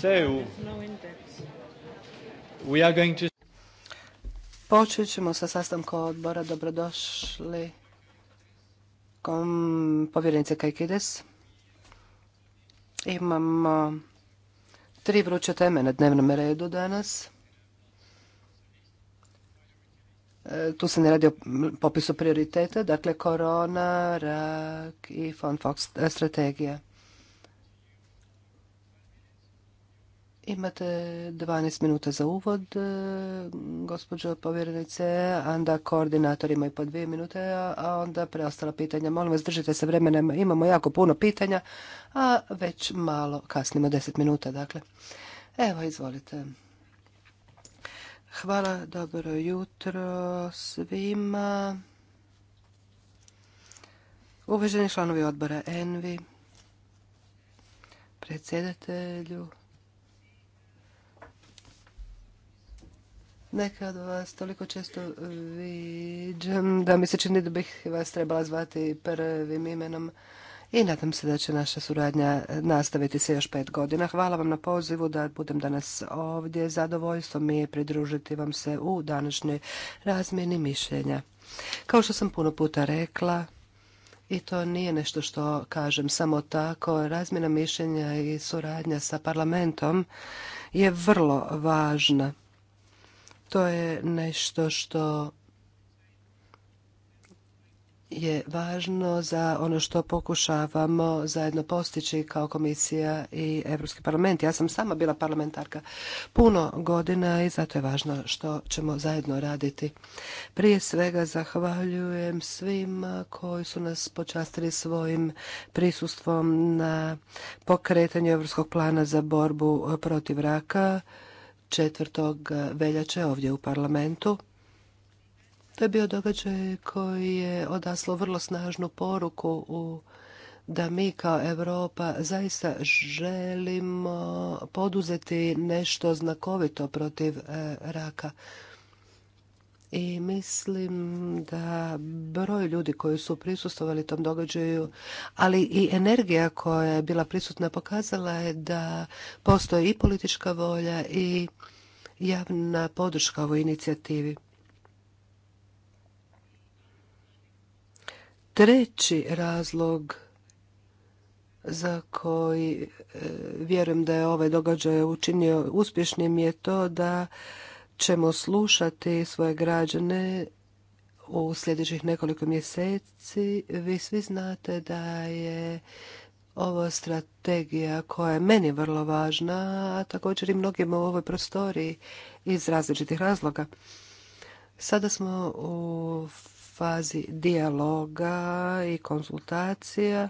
So, Počet ćemo sa sastankom odbora. Dobrodošli kom povjerenice Kajkides. Imamo tri vruće teme na dnevnom redu danas. E, tu se ne radi o popisu prioriteta, dakle korona, rak i fond fox e, strategija. Imate 12 minuta za uvod, e, gospođo povjerenice, onda koordinator ima i po dvije minute, a onda preostala pitanja. Molim vas, držite se vremena, imamo jako puno pitanja, a već malo kasnimo, 10 minuta, dakle. Evo, izvolite. Hvala, dobro jutro svima. Uvaženi članovi odbora Envi, predsjedatelju, Nekad vas toliko često e, viđam da mi se čini da bih vas trebala zvati prvim imenom i nadam se da će naša suradnja e, nastaviti se još pet godina. Hvala vam na pozivu da budem danas ovdje. Zadovoljstvo mi je pridružiti vam se u današnjoj razmjeni mišljenja. Kao što sam puno puta rekla, i to nije nešto što kažem samo tako, razmjena mišljenja i suradnja sa parlamentom je vrlo važna. To je nešto što je važno za ono što pokušavamo zajedno postići kao komisija i Europski parlament. Ja sam sama bila parlamentarka puno godina i zato je važno što ćemo zajedno raditi. Prije svega zahvaljujem svima koji su nas počastili svojim prisustvom na pokretanju Europskog plana za borbu protiv raka. 4. veljače ovdje u parlamentu. To je bio događaj koji je odaslo vrlo snažnu poruku u da mi kao Europa zaista želimo poduzeti nešto znakovito protiv eh, raka i mislim da broj ljudi koji su prisustovali tom događaju, ali i energija koja je bila prisutna pokazala je da postoji i politička volja i javna podrška ovoj inicijativi. Treći razlog za koji e, vjerujem da je ovaj događaj učinio uspješnim je to da ćemo slušati svoje građane u sljedećih nekoliko mjeseci. Vi svi znate da je ovo strategija koja je meni vrlo važna, a također i mnogima u ovoj prostoriji iz različitih razloga. Sada smo u fazi dijaloga i konsultacija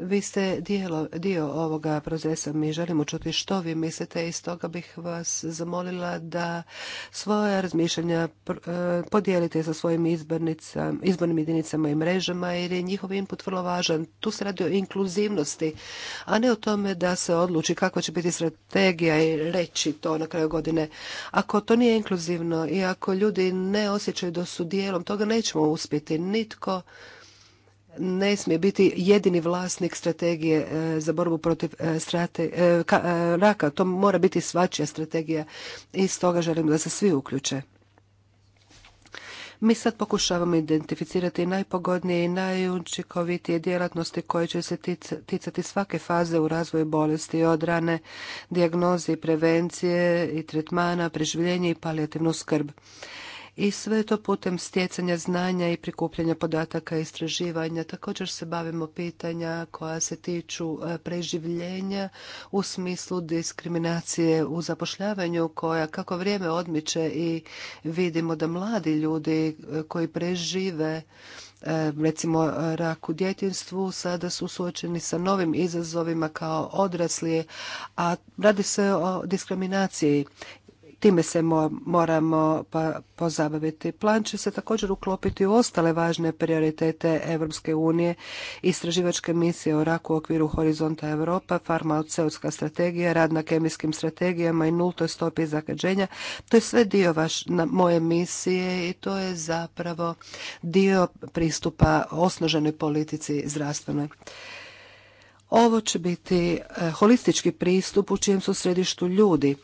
vi ste dijelo, dio ovoga procesa, mi želimo čuti što vi mislite i stoga bih vas zamolila da svoja razmišljanja e, podijelite sa svojim izbornim jedinicama i mrežama jer je njihov input vrlo važan. Tu se radi o inkluzivnosti, a ne o tome da se odluči kakva će biti strategija i reći to na kraju godine. Ako to nije inkluzivno i ako ljudi ne osjećaju da su dijelom, toga nećemo uspjeti. Nitko ne smije biti jedini vlasnik strategije e, za borbu protiv e, e, raka. To mora biti svačija strategija i stoga želim da se svi uključe. Mi sad pokušavamo identificirati najpogodnije i najučinkovitije djelatnosti koje će se ticati svake faze u razvoju bolesti od rane, dijagnoze i prevencije i tretmana, preživljenje i palijativnu skrb i sve to putem stjecanja znanja i prikupljanja podataka i istraživanja. Također se bavimo pitanja koja se tiču e, preživljenja u smislu diskriminacije u zapošljavanju koja kako vrijeme odmiče i vidimo da mladi ljudi e, koji prežive e, recimo rak u djetinstvu, sada su suočeni sa novim izazovima kao odrasli, a radi se o diskriminaciji time se moramo pa, pozabaviti. Plan će se također uklopiti u ostale važne prioritete Europske unije, istraživačke misije o raku u okviru Horizonta Europa, farmaceutska strategija, rad na kemijskim strategijama i nultoj stopi zagađenja. To je sve dio vaš, na, moje misije i to je zapravo dio pristupa osnoženoj politici zdravstvenoj. Ovo će biti eh, holistički pristup u čijem su središtu ljudi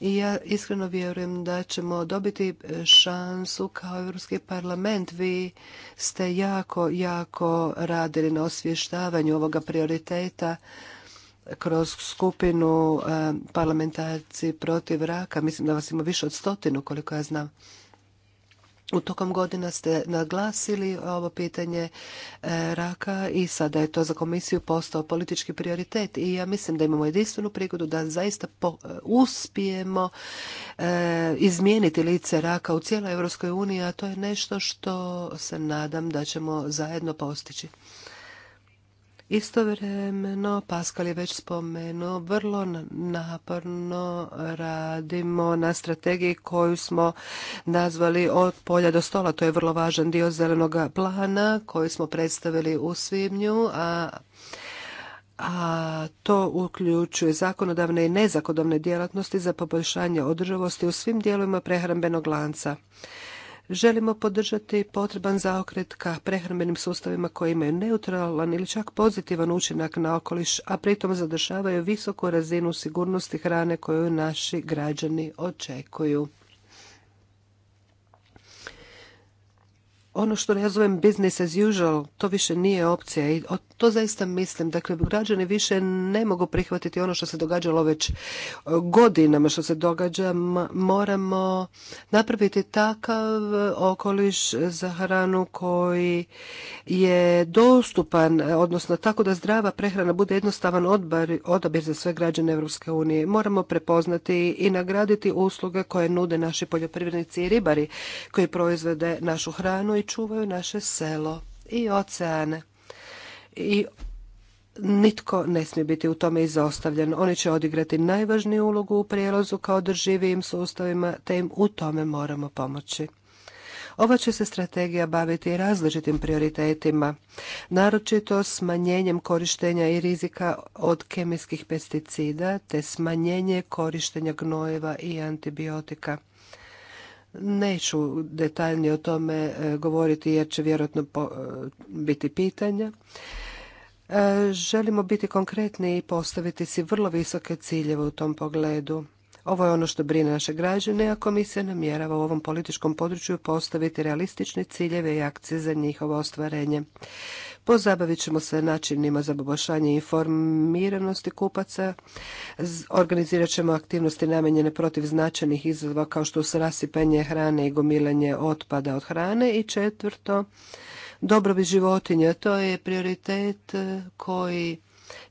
i ja iskreno vjerujem da ćemo dobiti e, šansu kao Europski parlament. Vi ste jako, jako radili na osvještavanju ovoga prioriteta kroz skupinu e, parlamentarci protiv raka. Mislim da vas ima više od stotinu koliko ja znam. U tokom godina ste naglasili ovo pitanje e, raka i sada je to za komisiju postao politički prioritet i ja mislim da imamo jedinstvenu prigodu da zaista e, uspijemo e, izmijeniti lice raka u cijeloj Europskoj uniji, a to je nešto što se nadam da ćemo zajedno postići. Istovremeno, Paskal je već spomenuo, vrlo naporno radimo na strategiji koju smo nazvali od polja do stola. To je vrlo važan dio zelenog plana koji smo predstavili u svibnju, a a to uključuje zakonodavne i nezakonodavne djelatnosti za poboljšanje održivosti u svim dijelovima prehrambenog lanca. Želimo podržati potreban zaokret ka prehrambenim sustavima koji imaju neutralan ili čak pozitivan učinak na okoliš, a pritom zadržavaju visoku razinu sigurnosti hrane koju naši građani očekuju. ono što ja business as usual, to više nije opcija i to zaista mislim. Dakle, građani više ne mogu prihvatiti ono što se događalo već e, godinama što se događa. Moramo napraviti takav e, okoliš za hranu koji je dostupan, e, odnosno tako da zdrava prehrana bude jednostavan odabir za sve građane Europske unije. Moramo prepoznati i nagraditi usluge koje nude naši poljoprivrednici i ribari koji proizvode našu hranu i čuvaju naše selo i oceane i nitko ne smije biti u tome izostavljen. Oni će odigrati najvažniju ulogu u prijelazu kao održivijim sustavima, te im u tome moramo pomoći. Ova će se strategija baviti različitim prioritetima, naročito smanjenjem korištenja i rizika od kemijskih pesticida, te smanjenje korištenja gnojeva i antibiotika. Neću detaljnije o tome e, govoriti jer će vjerojatno e, biti pitanja. E, želimo biti konkretni i postaviti si vrlo visoke ciljeve u tom pogledu. Ovo je ono što brine naše građane, a komisija namjerava u ovom političkom području postaviti realistične ciljeve i akcije za njihovo ostvarenje. Pozabavit ćemo se načinima za poboljšanje informiranosti kupaca, organizirat ćemo aktivnosti namenjene protiv značajnih izazova kao što su rasipanje hrane i gomilanje otpada od hrane i četvrto, dobrobit životinja. To je prioritet e, koji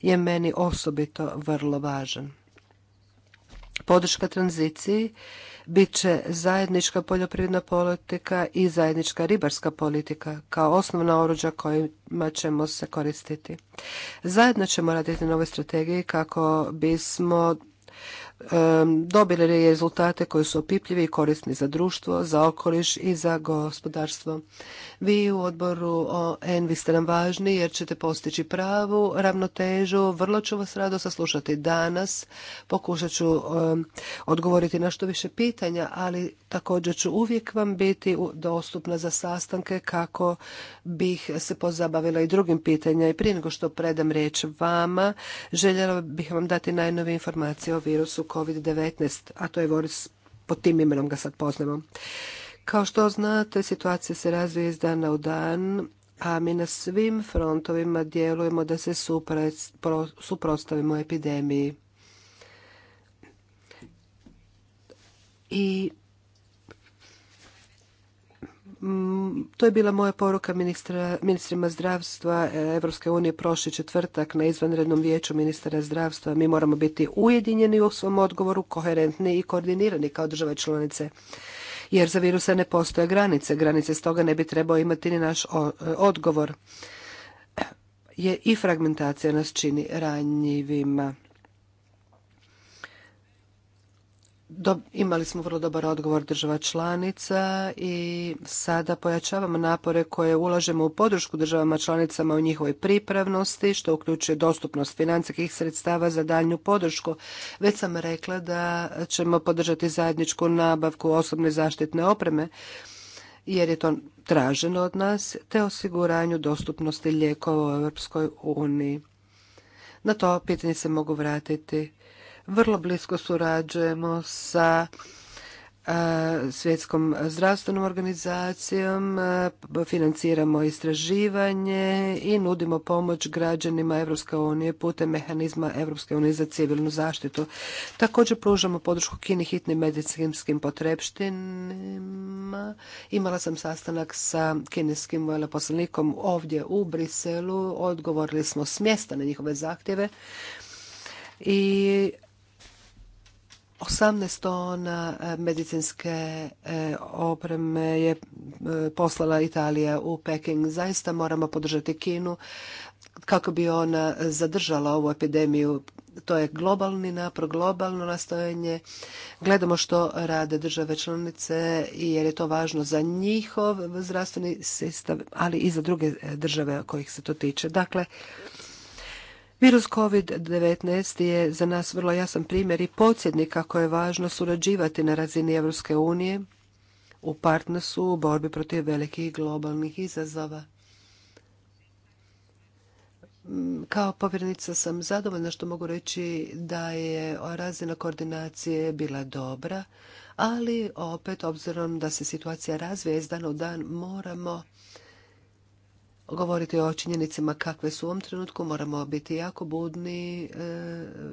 je meni osobito vrlo važan. Podrška tranziciji bit će zajednička poljoprivredna politika i zajednička ribarska politika kao osnovna oruđa kojima ćemo se koristiti. Zajedno ćemo raditi na ovoj strategiji kako bismo e, dobili rezultate koji su opipljivi i korisni za društvo, za okoliš i za gospodarstvo. Vi u odboru o Envi ste nam važni jer ćete postići pravu ravnotežu. Vrlo ću vas rado saslušati danas. Pokušat ću odgovoriti na što više pitanja, ali također ću uvijek vam biti dostupna za sastanke kako bih se pozabavila i drugim pitanjima. I prije nego što predam riječ vama, željela bih vam dati najnovije informacije o virusu COVID-19, a to je virus pod tim imenom ga sad poznamo. Kao što znate, situacija se razvija iz dana u dan, a mi na svim frontovima djelujemo da se suprotstavimo epidemiji. I to je bila moja poruka ministrima zdravstva Evropske unije prošli četvrtak na izvanrednom vijeću ministara zdravstva. Mi moramo biti ujedinjeni u svom odgovoru, koherentni i koordinirani kao države članice jer za virusa ne postoje granice. Granice stoga ne bi trebao imati ni naš e, odgovor. Je i fragmentacija nas čini ranjivima. imali smo vrlo dobar odgovor država članica i sada pojačavamo napore koje ulažemo u podršku državama članicama u njihovoj pripravnosti, što uključuje dostupnost financijskih sredstava za daljnju podršku. Već sam rekla da ćemo podržati zajedničku nabavku osobne zaštitne opreme jer je to traženo od nas, te osiguranju dostupnosti lijekova u Europskoj uniji. Na to pitanje se mogu vratiti vrlo blisko surađujemo sa svjetskom zdravstvenom organizacijom, financiramo istraživanje i nudimo pomoć građanima Europske unije putem mehanizma Europske unije za civilnu zaštitu. Također pružamo podršku Kini hitnim medicinskim potrebštinima. Imala sam sastanak sa kineskim veleposlanikom ovdje u Briselu. Odgovorili smo smjesta na njihove zahtjeve i 18 tona e, medicinske e, opreme je e, poslala Italija u Peking. Zaista moramo podržati Kinu kako bi ona zadržala ovu epidemiju. To je globalni napor, globalno nastojanje. Gledamo što rade države članice jer je to važno za njihov zdravstveni sistem, ali i za druge države kojih se to tiče. Dakle, Virus COVID-19 je za nas vrlo jasan primjer i podsjednik kako je važno surađivati na razini Europske unije u partnersu u borbi protiv velikih globalnih izazova. Kao povjernica sam zadovoljna što mogu reći da je razina koordinacije bila dobra, ali opet obzirom da se situacija razvija iz dana u dan moramo govoriti o činjenicama kakve su u ovom trenutku, moramo biti jako budni e,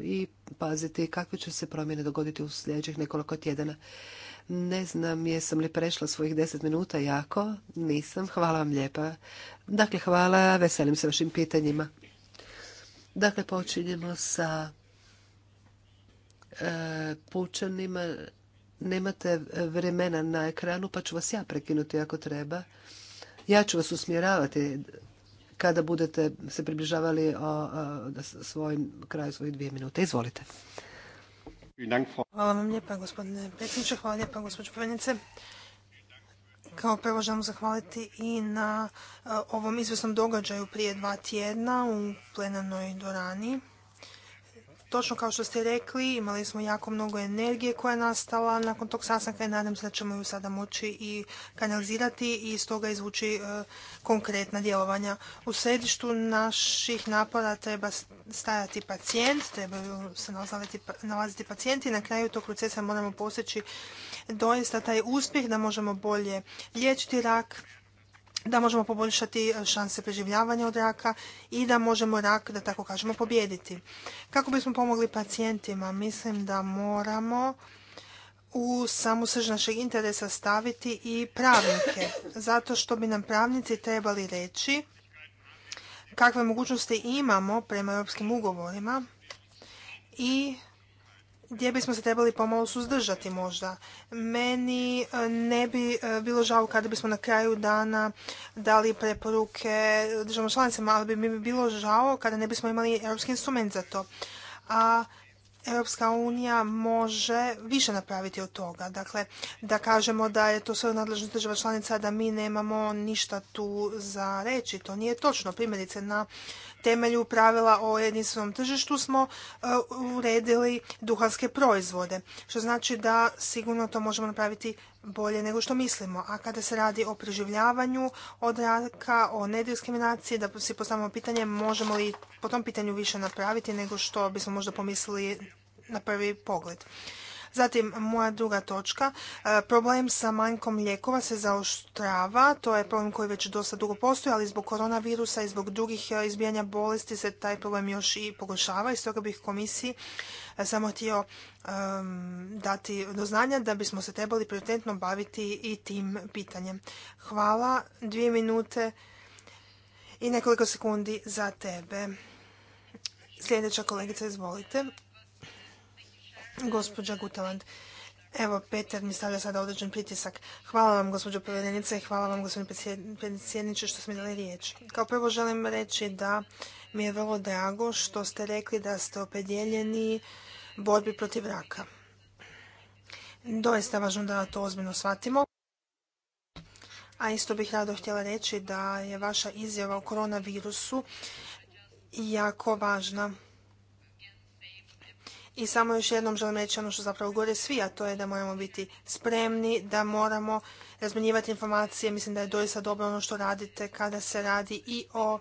i paziti kakve će se promjene dogoditi u sljedećih nekoliko tjedana. Ne znam jesam li prešla svojih deset minuta jako, nisam, hvala vam lijepa. Dakle, hvala, veselim se vašim pitanjima. Dakle, počinjemo sa e, pučanima. Nemate vremena na ekranu, pa ću vas ja prekinuti ako treba. Ja ću vas usmjeravati kada budete se približavali svojim, kraju svojih dvije minute. Izvolite. Hvala vam lijepa gospodine predsjedniče, hvala lijepa gospođo povjednice. Kao prvo želim zahvaliti i na ovom izvjesnom događaju prije dva tjedna u plenarnoj Dorani. Točno kao što ste rekli, imali smo jako mnogo energije koja je nastala nakon tog sastanka i nadam se da ćemo ju sada moći i kanalizirati i iz toga izvući e, konkretna djelovanja. U središtu naših napora treba stajati pacijent, trebaju se nalaziti, pa-, nalaziti pacijenti i na kraju tog procesa moramo postići doista taj uspjeh da možemo bolje liječiti rak, da možemo poboljšati e, šanse preživljavanja od raka i da možemo rak, da tako kažemo, pobijediti. Kako bismo pomogli pacijentima? Mislim da moramo u samu srž našeg interesa staviti i pravnike, zato što bi nam pravnici trebali reći kakve mogućnosti imamo prema europskim ugovorima i gdje bismo se trebali pomalo suzdržati možda. Meni e, ne bi e, bilo žao kada bismo na kraju dana dali preporuke državama članicama, ali bi mi bilo žao kada ne bismo imali europski instrument za to. A Europska unija može više napraviti od toga. Dakle, da kažemo da je to sve nadležnost država članica, da mi nemamo ništa tu za reći. To nije točno. Primjerice, na temelju pravila o jedinstvenom tržištu smo e, uredili duhanske proizvode, što znači da sigurno to možemo napraviti bolje nego što mislimo. A kada se radi o preživljavanju od raka, o nediskriminaciji, da si postavimo pitanje možemo li po tom pitanju više napraviti nego što bismo možda pomislili na prvi pogled. Zatim, moja druga točka, e, problem sa manjkom lijekova se zaoštrava, to je problem koji već dosta dugo postoji, ali zbog koronavirusa i zbog drugih e, izbijanja bolesti se taj problem još i pogoršava i stoga bih komisiji e, samo htio dati do znanja da bismo se trebali prioritetno baviti i tim pitanjem. Hvala, dvije minute i nekoliko sekundi za tebe. Sljedeća kolegica, izvolite. Gospođa Gutaland. Evo, Peter mi stavlja sada određen pritisak. Hvala vam, gospođo povjerenice, i hvala vam, gospodine predsjedniče, što ste mi dali riječ. Kao prvo želim reći da mi je vrlo drago što ste rekli da ste opredjeljeni borbi protiv raka. Doista je važno da to ozbiljno shvatimo. A isto bih rado htjela reći da je vaša izjava o koronavirusu jako važna i samo još jednom želim reći ono što zapravo gore svi, a to je da moramo biti spremni, da moramo razmenjivati informacije. Mislim da je doista dobro ono što radite kada se radi i o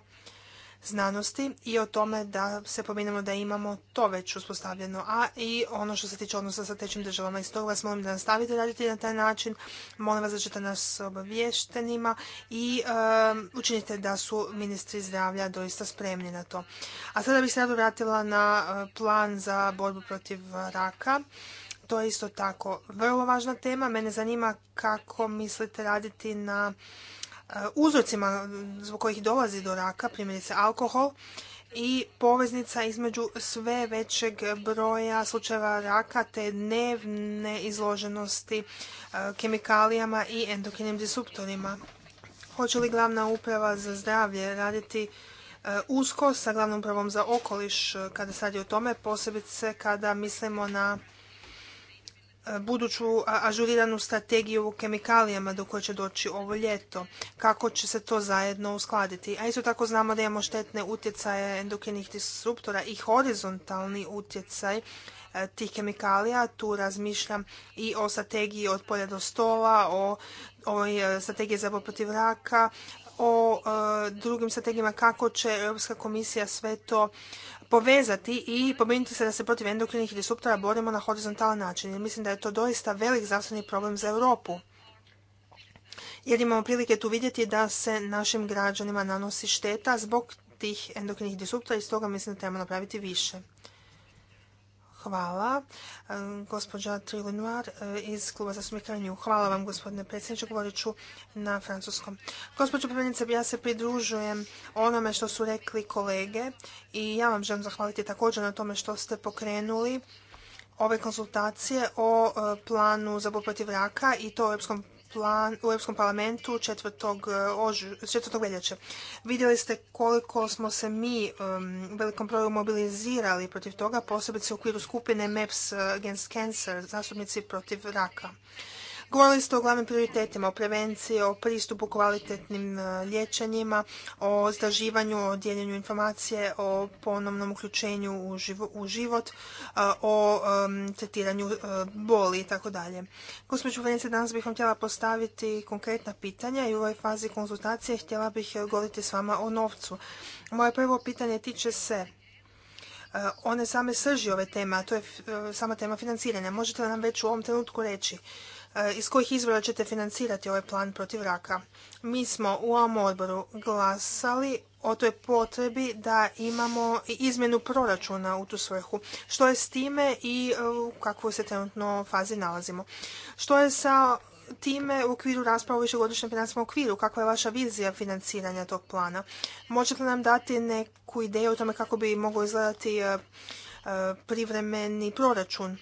znanosti i o tome da se pominemo da imamo to već uspostavljeno. A i ono što se tiče odnosa sa trećim državama. I stoga vas molim da nastavite raditi na taj način. Molim vas da ćete nas obaviještenima i um, učinite da su ministri zdravlja doista spremni na to. A sada bih se rado vratila na uh, plan za borbu protiv raka. To je isto tako vrlo važna tema. Mene zanima kako mislite raditi na E, uzrocima zbog kojih dolazi do raka, primjerice alkohol, i poveznica između sve većeg broja slučajeva raka te dnevne izloženosti e, kemikalijama i endokrinim disruptorima. Hoće li glavna uprava za zdravlje raditi e, usko sa glavnom upravom za okoliš kada sad radi o tome, posebice kada mislimo na buduću ažuriranu strategiju u kemikalijama do koje će doći ovo ljeto, kako će se to zajedno uskladiti. A isto tako znamo da imamo štetne utjecaje endokrinih disruptora i horizontalni utjecaj e, tih kemikalija. Tu razmišljam i o strategiji od polja do stola, o e, strategiji za protiv raka, o e, drugim strategijama kako će Europska komisija sve to povezati i pobrinuti se da se protiv endokrinih disruptora borimo na horizontalan način. Jer mislim da je to doista velik zdravstveni problem za Europu. Jer imamo prilike tu vidjeti da se našim građanima nanosi šteta zbog tih endokrinih disruptora i stoga mislim da trebamo napraviti više. Hvala. Gospođa Trilinoir e, iz Kluba za smikanju. Hvala vam, gospodine predsjedniče. Govorit ću na francuskom. Gospođo Prvenica, ja se pridružujem onome što su rekli kolege i ja vam želim zahvaliti također na tome što ste pokrenuli ove konsultacije o e, planu za borbu protiv raka i to u Europskom plan, u Europskom parlamentu 4. E, veljače. Vidjeli ste koliko smo se mi u velikom broju mobilizirali protiv toga, posebice u okviru skupine MEPS e, Against Cancer, zastupnici protiv raka. Govorili ste o glavnim prioritetima, o prevenciji, o pristupu kvalitetnim e, liječenjima, o zdraživanju, o dijeljenju informacije, o ponovnom uključenju u život, e, o tretiranju e, boli i tako dalje. danas bih vam htjela postaviti konkretna pitanja i u ovoj fazi konzultacije htjela bih govoriti s vama o novcu. Moje prvo pitanje tiče se one same srži ove tema, a to je sama tema financiranja. Možete li nam već u ovom trenutku reći E, iz kojih izvora ćete financirati ovaj plan protiv raka. Mi smo u ovom odboru glasali o toj potrebi da imamo izmjenu proračuna u tu svrhu. Što je s time i e, u kakvoj se trenutno fazi nalazimo? Što je sa time u okviru rasprava u višegodišnjem financijskom okviru, kakva je vaša vizija financiranja tog plana? Možete nam dati neku ideju o tome kako bi mogao izgledati e, privremeni proračun?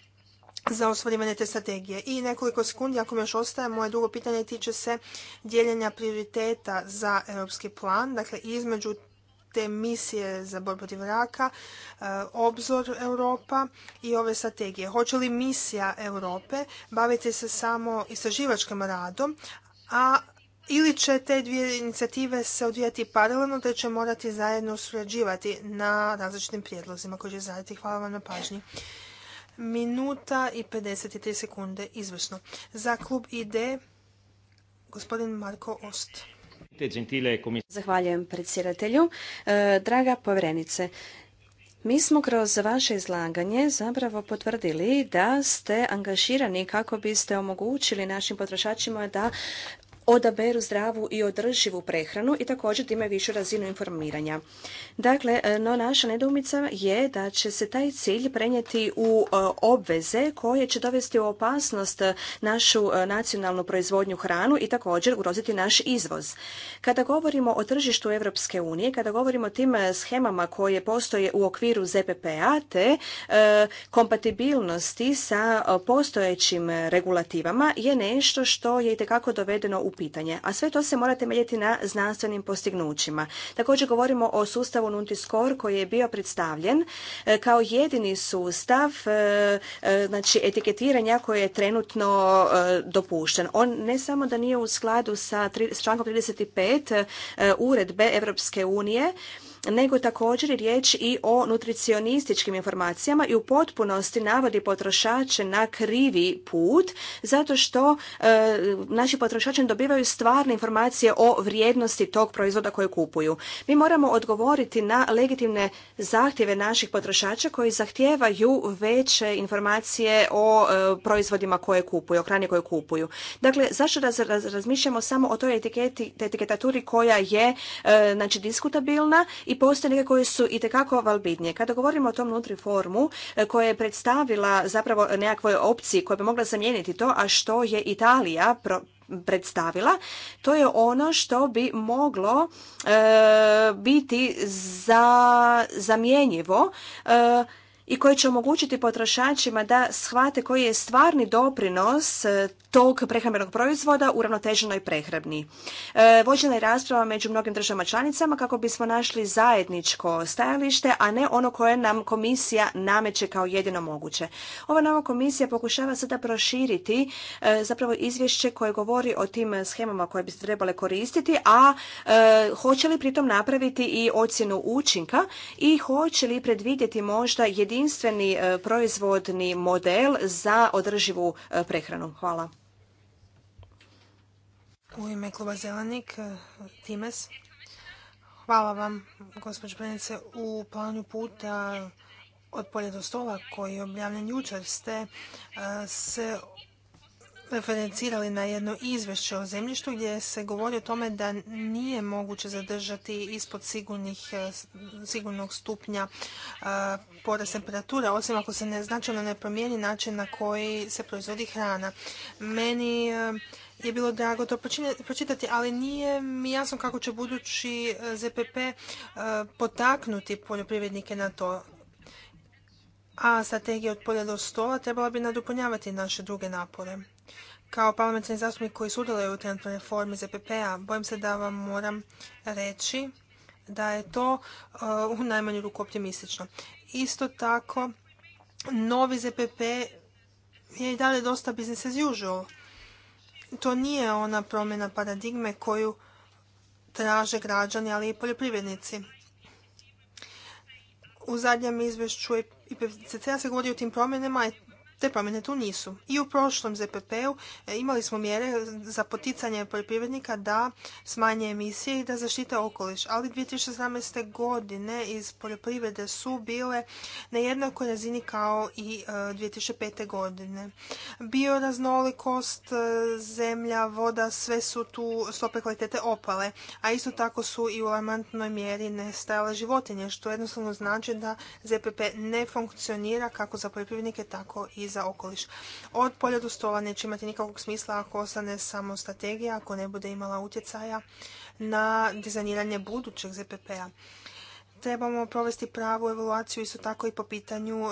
za ostvarivanje te strategije. I nekoliko sekundi, ako mi još ostaje, moje drugo pitanje tiče se dijeljenja prioriteta za europski plan, dakle između te misije za borbu protiv raka, e, obzor Europa i ove strategije. Hoće li misija Europe baviti se samo istraživačkim radom, a ili će te dvije inicijative se odvijati paralelno, te će morati zajedno surađivati na različitim prijedlozima koji će zajediti. Hvala vam na pažnji minuta i 53 sekunde. Izvrsno. Za klub ID gospodin Marko Ost. Zahvaljujem predsjedatelju. E, draga povjerenice, mi smo kroz vaše izlaganje zapravo potvrdili da ste angažirani kako biste omogućili našim potrošačima da odaberu zdravu i održivu prehranu i također time višu razinu informiranja. Dakle, e, no naša nedoumica je da će se taj cilj prenijeti u e, obveze koje će dovesti u opasnost našu e, nacionalnu proizvodnju hranu i također ugroziti naš izvoz. Kada govorimo o tržištu Europske unije, kada govorimo o tim schemama koje postoje u okviru ZPPA te kompatibilnosti sa postojećim regulativama je nešto što je itekako dovedeno u pitanje. A sve to se mora temeljiti na znanstvenim postignućima. Također govorimo o sustavu Nuntiscore koji je bio predstavljen e, kao jedini sustav e, e, znači etiketiranja koji je trenutno dopušten. On ne samo da nije u skladu sa člankom 35 uredbe Europske unije, nego također je riječ i o nutricionističkim informacijama i u potpunosti navodi potrošače na krivi put zato što e, naši potrošači dobivaju stvarne informacije o vrijednosti tog proizvoda koje kupuju. Mi moramo odgovoriti na legitimne zahtjeve naših potrošača koji zahtijevaju veće informacije o e, proizvodima koje kupuju, o hrani koje kupuju. Dakle, zašto razmišljamo samo o toj etiketi, etiketaturi koja je e, znači diskutabilna i postoje neke koje su i tekako valbidnije. Kada govorimo o tom formu e, koja je predstavila zapravo nekakvoj opciji koja bi mogla zamijeniti to, a što je Italija predstavila, to je ono što bi moglo e, biti za, zamjenjivo e, i koje će omogućiti potrošačima da shvate koji je stvarni doprinos e, tog prehrambenog proizvoda u ravnoteženoj prehrani. E, vođena je rasprava među mnogim državama članicama kako bismo našli zajedničko stajalište, a ne ono koje nam komisija nameće kao jedino moguće. Ova nova komisija pokušava sada proširiti e, zapravo izvješće koje govori o tim schemama koje bi se trebale koristiti, a hoće li pritom napraviti i ocjenu učinka i hoće li predvidjeti možda jedinstveno jedinstveni e, proizvodni model za održivu e, prehranu. Hvala. U ime kluba Zelenik, e, Times. Hvala vam, gospođo Prenice. U planu puta od polja do stola koji je objavljen jučer ste se referencirali na jedno izvješće o zemljištu gdje se govori o tome da nije moguće zadržati ispod e, sigurnog stupnja e, porast temperatura, osim ako se ne značajno ne promijeni način na koji se proizvodi hrana. Meni e, je bilo drago to pročitati, ali nije mi jasno kako će budući ZPP potaknuti poljoprivrednike na to. A strategija od polja do stola trebala bi nadopunjavati naše druge napore. Kao parlamentarni zastupnik koji sudjeluje u trenutnoj reformi ZPP-a, bojim se da vam moram reći da je to uh, u najmanju ruku optimistično. Isto tako, novi ZPP je i dalje dosta business as usual. To nije ona promjena paradigme koju traže građani, ali i poljoprivrednici. U zadnjem izvješću IPCC-a e se govori o tim promjenama i te promjene tu nisu. I u prošlom ZPP-u e, imali smo mjere za poticanje poljoprivrednika da smanje emisije i da zaštite okoliš. Ali 2017. godine iz poljoprivrede su bile na jednakoj razini kao i 2005. E, godine. Bioraznolikost, e, zemlja, voda, sve su tu stope kvalitete opale. A isto tako su i u alarmantnoj mjeri nestajale životinje, što jednostavno znači da ZPP ne funkcionira kako za poljoprivrednike, tako i za okoliš. Od polja do stola neće imati nikakvog smisla ako ostane samo strategija, ako ne bude imala utjecaja na dizajniranje budućeg ZPP-a trebamo provesti pravu evaluaciju isto tako i po pitanju e,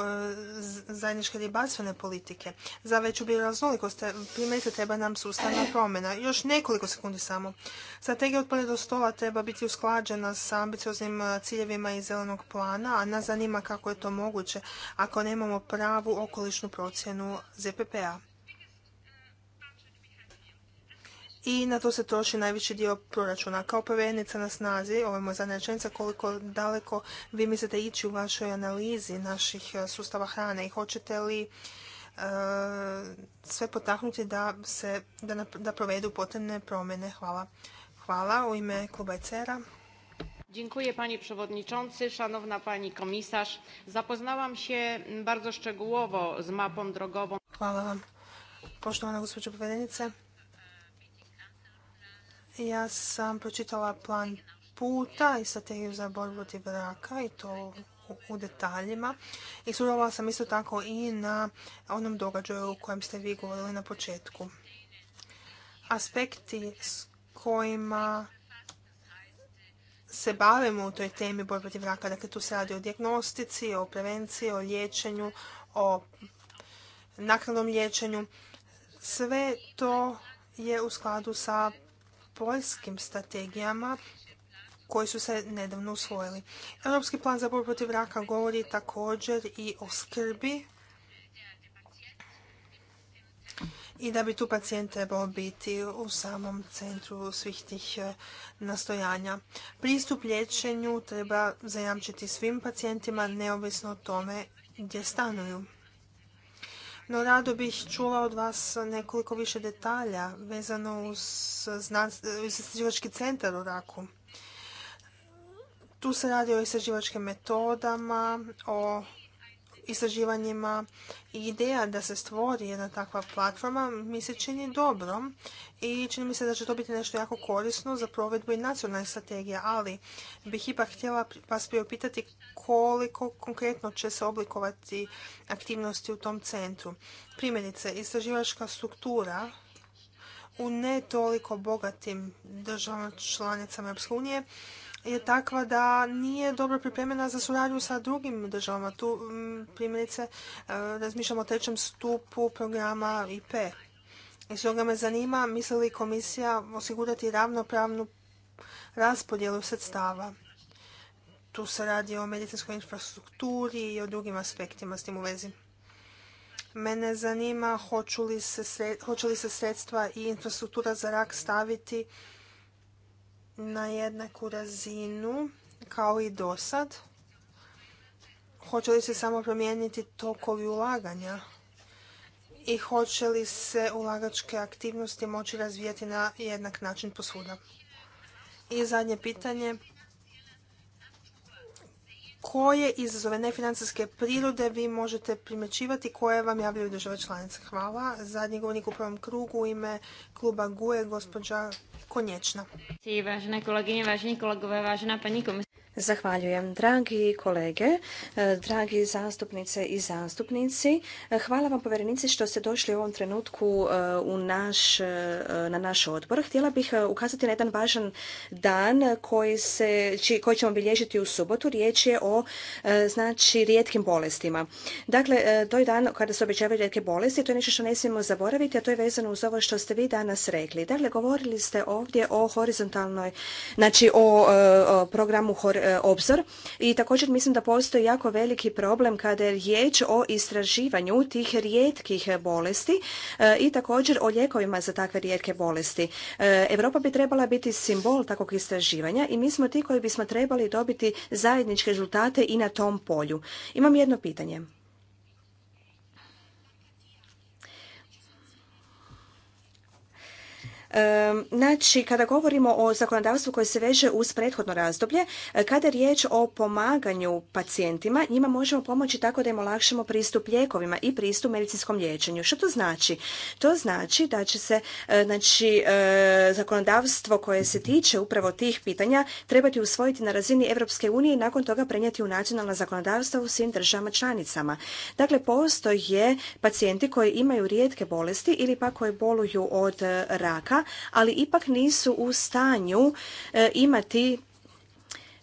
zajedničke ribarstvene politike. Za veću bioraznolikost e, primjerice treba nam sustavna promjena. Još nekoliko sekundi samo. Strategija od polja do stola treba biti usklađena sa ambicioznim e, ciljevima iz zelenog plana, a nas zanima kako je to moguće ako nemamo pravu okolišnu procjenu ZPP-a. i na to se troši najveći dio proračuna. Kao povjednica na snazi, ovo je moja zadnja rečenica, koliko daleko vi mislite ići u vašoj analizi naših e, sustava hrane i hoćete li e, sve potaknuti da, se, da, provedu potrebne promjene. Hvala. Hvala u ime kluba ecr Dziękuję panie przewodniczący, szanowna pani komisarz. Zapoznałam się bardzo szczegółowo z mapą drogową. Hvala vam. Poštovana gospođo povedenice, ja sam pročitala plan puta i strategiju za borbu protiv raka i to u detaljima. I sudjelovala sam isto tako i na onom događaju u kojem ste vi govorili na početku. Aspekti s kojima se bavimo u toj temi borbe protiv raka, dakle tu se radi o dijagnostici, o prevenciji, o liječenju, o naknadnom liječenju, sve to je u skladu sa poljskim strategijama koji su se nedavno usvojili. Europski plan za borbu protiv raka govori također i o skrbi i da bi tu pacijent trebao biti u samom centru svih tih e, nastojanja. Pristup liječenju treba zajamčiti svim pacijentima neovisno o tome gdje stanuju. No rado bih čula od vas nekoliko više detalja vezano uz istraživački centar u Raku. Tu se radi o istraživačkim metodama, o istraživanjima i ideja da se stvori jedna takva platforma mi se čini dobrom i čini mi se da će to biti nešto jako korisno za provedbu i nacionalne strategije, ali bih ipak htjela vas priopitati koliko konkretno će se oblikovati aktivnosti u tom centru. Primjerice, istraživačka struktura u ne toliko bogatim državama članicama EU je takva da nije dobro pripremljena za suradnju sa drugim državama. Tu mm, primjerice e, razmišljamo o trećem stupu programa IP. I stoga me zanima, misli li komisija osigurati ravnopravnu raspodjelu sredstava? Tu se radi o medicinskoj infrastrukturi i o drugim aspektima s tim u vezi. Mene zanima hoću li se, se sredstva i infrastruktura za rak staviti na jednaku razinu kao i dosad? Hoće li se samo promijeniti tokovi ulaganja? I hoće li se ulagačke aktivnosti moći razvijati na jednak način posvuda? I zadnje pitanje koje izazove nefinancijske prirode vi možete primjećivati koje vam javljaju države članice. Hvala. Zadnji govornik u prvom krugu u ime kluba GUE, gospođa Konječna. Važne koleginje, važni važna Zahvaljujem. Dragi kolege, e, dragi zastupnice i zastupnici, e, hvala vam povjerenici što ste došli u ovom trenutku e, u naš, na naš odbor. Htjela bih ukazati na jedan važan dan koji, se, koji ćemo bilježiti u subotu. Riječ je o znači, rijetkim bolestima. Dakle, to je dan kada se obećavaju rijetke bolesti. To je nešto što ne smijemo zaboraviti, a to je vezano uz ovo što ste vi danas rekli. Dakle, govorili ste ovdje o horizontalnoj, znači o, programu hor E, obzor i također mislim da postoji jako veliki problem kada je riječ o istraživanju tih rijetkih bolesti e, i također o lijekovima za takve rijetke bolesti. E, Europa bi trebala biti simbol takvog istraživanja i mi smo ti koji bismo trebali dobiti zajedničke rezultate i na tom polju. Imam jedno pitanje. Znači, kada govorimo o zakonodavstvu koje se veže uz prethodno razdoblje, e, kada je riječ o pomaganju pacijentima, njima možemo pomoći tako da im olakšamo pristup lijekovima i pristup medicinskom liječenju. Što to znači? To znači da će se e, znači, e, zakonodavstvo koje se tiče upravo tih pitanja trebati usvojiti na razini Europske unije i nakon toga prenijeti u nacionalna zakonodavstva u svim državama članicama. Dakle, postoje pacijenti koji imaju rijetke bolesti ili pa koji boluju od raka ali ipak nisu u stanju e, imati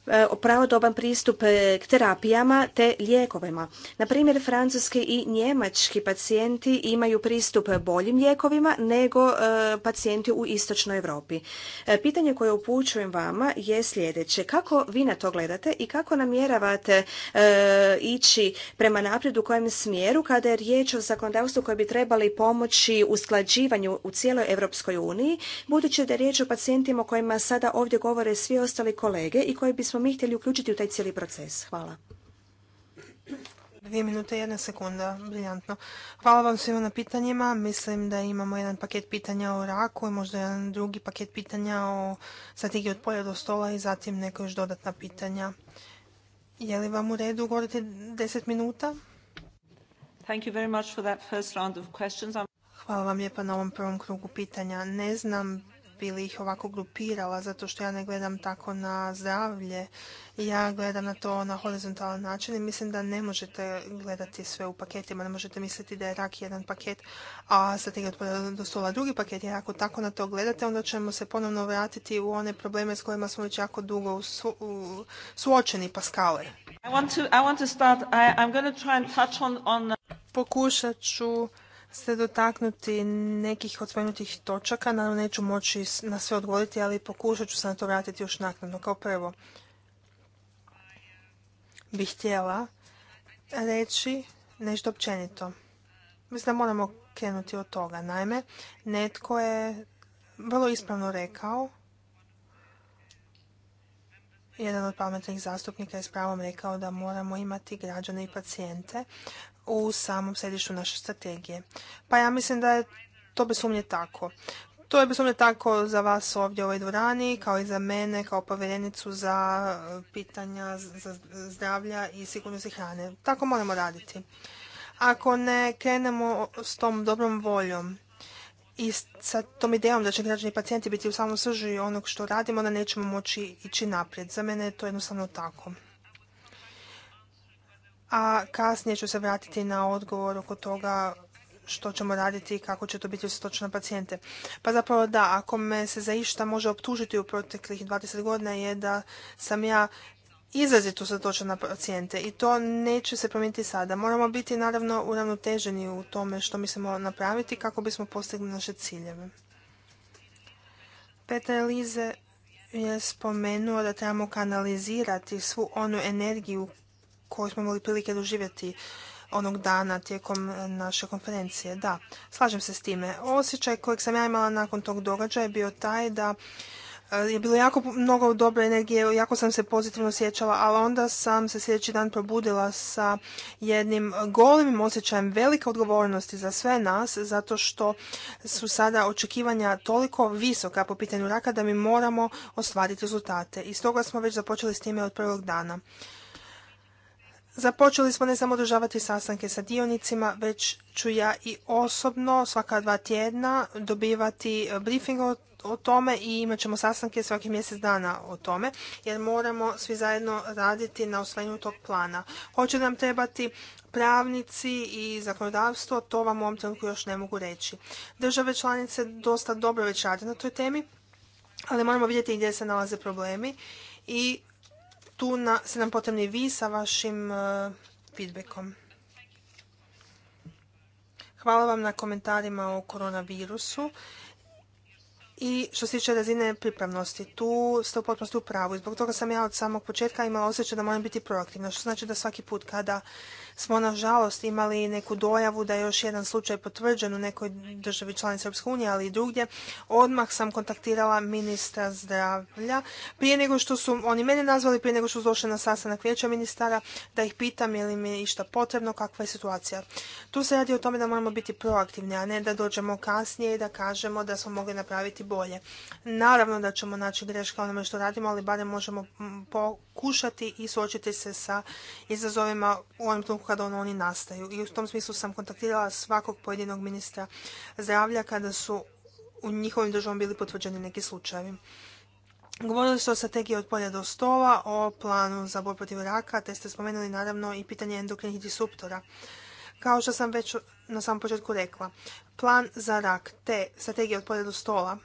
E, pravodoban pristup e, k terapijama te lijekovima. Na primjer, francuski i njemački pacijenti imaju pristup boljim lijekovima nego e, pacijenti u istočnoj Europi. Pitanje koje upućujem vama je sljedeće. Kako vi na to gledate i kako namjeravate ići prema naprijed u kojem smjeru kada je riječ o zakonodavstvu koje bi trebali pomoći usklađivanju u cijeloj Europskoj uniji, budući da je riječ o pacijentima o kojima sada ovdje govore svi ostali kolege i koji bismo smo mi htjeli uključiti u taj cijeli proces. Hvala. Dvije minute i jedna sekunda, briljantno. Hvala vam svima na pitanjima. Mislim da imamo jedan paket pitanja o raku i možda jedan drugi paket pitanja o strategiji od polja do stola i zatim neko još dodatna pitanja. Je li vam u redu govoriti 10 minuta? Hvala vam lijepa na ovom prvom krugu pitanja. Ne znam bili ih ovako grupirala, zato što ja ne gledam tako na zdravlje. Ja gledam na to na horizontalan način i mislim da ne možete gledati sve u paketima, ne možete misliti da je rak jedan paket, a strategija otpora do stola drugi paket. Jer ako tako na to gledate, onda ćemo se ponovno vratiti u one probleme s kojima smo već jako dugo suočeni, Paskale. Uh, Pokušat ću ste dotaknuti nekih spomenutih točaka. Naravno, neću moći na sve odgovoriti, ali pokušat ću se na to vratiti još naknadno. Kao prvo, bih htjela reći nešto općenito. Mislim da moramo krenuti od toga. Naime, netko je vrlo ispravno rekao, jedan od pametnih zastupnika je s pravom rekao da moramo imati građane i pacijente u samom središtu naše strategije. Pa ja mislim da je to bez sumnje tako. To je bez sumnje tako za vas ovdje u ovoj dvorani, kao i za mene, kao povjerenicu za e, pitanja za zdravlja i sigurnosti hrane. Tako moramo raditi. Ako ne krenemo s tom dobrom voljom i sa tom idejom da će građani pacijenti biti u samom srži onog što radimo, onda nećemo moći ići naprijed. Za mene je to jednostavno tako a kasnije ću se vratiti na odgovor oko toga što ćemo raditi i kako će to biti usjetočno na pacijente. Pa zapravo da, ako me se za išta može optužiti u proteklih 20 godina je da sam ja izrazito usjetočena na pacijente i to neće se promijeniti sada. Moramo biti naravno uravnoteženi u tome što mislimo napraviti kako bismo postigli naše ciljeve. Petra Elize je spomenuo da trebamo kanalizirati svu onu energiju koju smo imali prilike doživjeti onog dana tijekom e, naše konferencije. Da, slažem se s time. Osjećaj kojeg sam ja imala nakon tog događaja je bio taj da e, je bilo jako mnogo dobre energije, jako sam se pozitivno osjećala, ali onda sam se sljedeći dan probudila sa jednim golim osjećajem velike odgovornosti za sve nas, zato što su sada očekivanja toliko visoka po pitanju raka da mi moramo ostvariti rezultate. I stoga smo već započeli s time od prvog dana. Započeli smo ne samo održavati sastanke sa dionicima, već ću ja i osobno svaka dva tjedna dobivati e, briefing o, tome i imat ćemo sastanke svaki mjesec dana o tome, jer moramo svi zajedno raditi na osvajanju tog plana. Hoće nam trebati pravnici i zakonodavstvo, to vam u ovom trenutku još ne mogu reći. Države članice dosta dobro već rade na toj temi, ali moramo vidjeti gdje se nalaze problemi i tu na, nam potrebni vi sa vašim e, feedbackom. Hvala vam na komentarima o koronavirusu. I što se tiče razine pripravnosti, tu ste u potpunosti u pravu. Zbog toga sam ja od samog početka imala osjećaj da moram biti proaktivna, što znači da svaki put kada smo nažalost imali neku dojavu da je još jedan slučaj potvrđen u nekoj državi članice Europske unije, ali i drugdje, odmah sam kontaktirala ministra zdravlja prije nego što su oni mene nazvali, prije nego što su došli na sastanak vijeća ministara, da ih pitam je li mi išta potrebno, kakva je situacija. Tu se radi o tome da moramo biti proaktivni, a ne da dođemo kasnije i da kažemo da smo mogli napraviti bolje. Naravno da ćemo naći greške onome što radimo, ali barem možemo pokušati i suočiti se sa izazovima u onom kada ono, oni nastaju. I u tom smislu sam kontaktirala svakog pojedinog ministra zdravlja kada su u njihovim državama bili potvrđeni neki slučajevi. Govorili su o strategiji od polja do stola, o planu za borbu protiv raka, te ste spomenuli naravno i pitanje endokrinih disruptora. Kao što sam već na samom početku rekla, plan za rak te strategije od polja do stola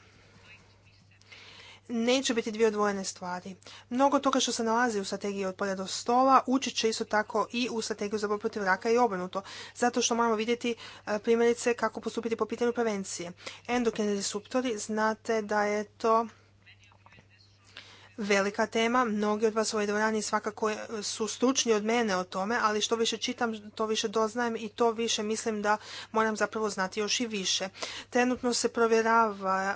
neće biti dvije odvojene stvari. Mnogo toga što se nalazi u strategiji od polja do stola ući će isto tako i u strategiju za borbu protiv raka i obrnuto, zato što moramo vidjeti e, primjerice kako postupiti po pitanju prevencije. Endokrini disruptori, znate da je to velika tema. Mnogi od vas u ovoj dvorani svakako su stručni od mene o tome, ali što više čitam, to više doznajem i to više mislim da moram zapravo znati još i više. Trenutno se provjerava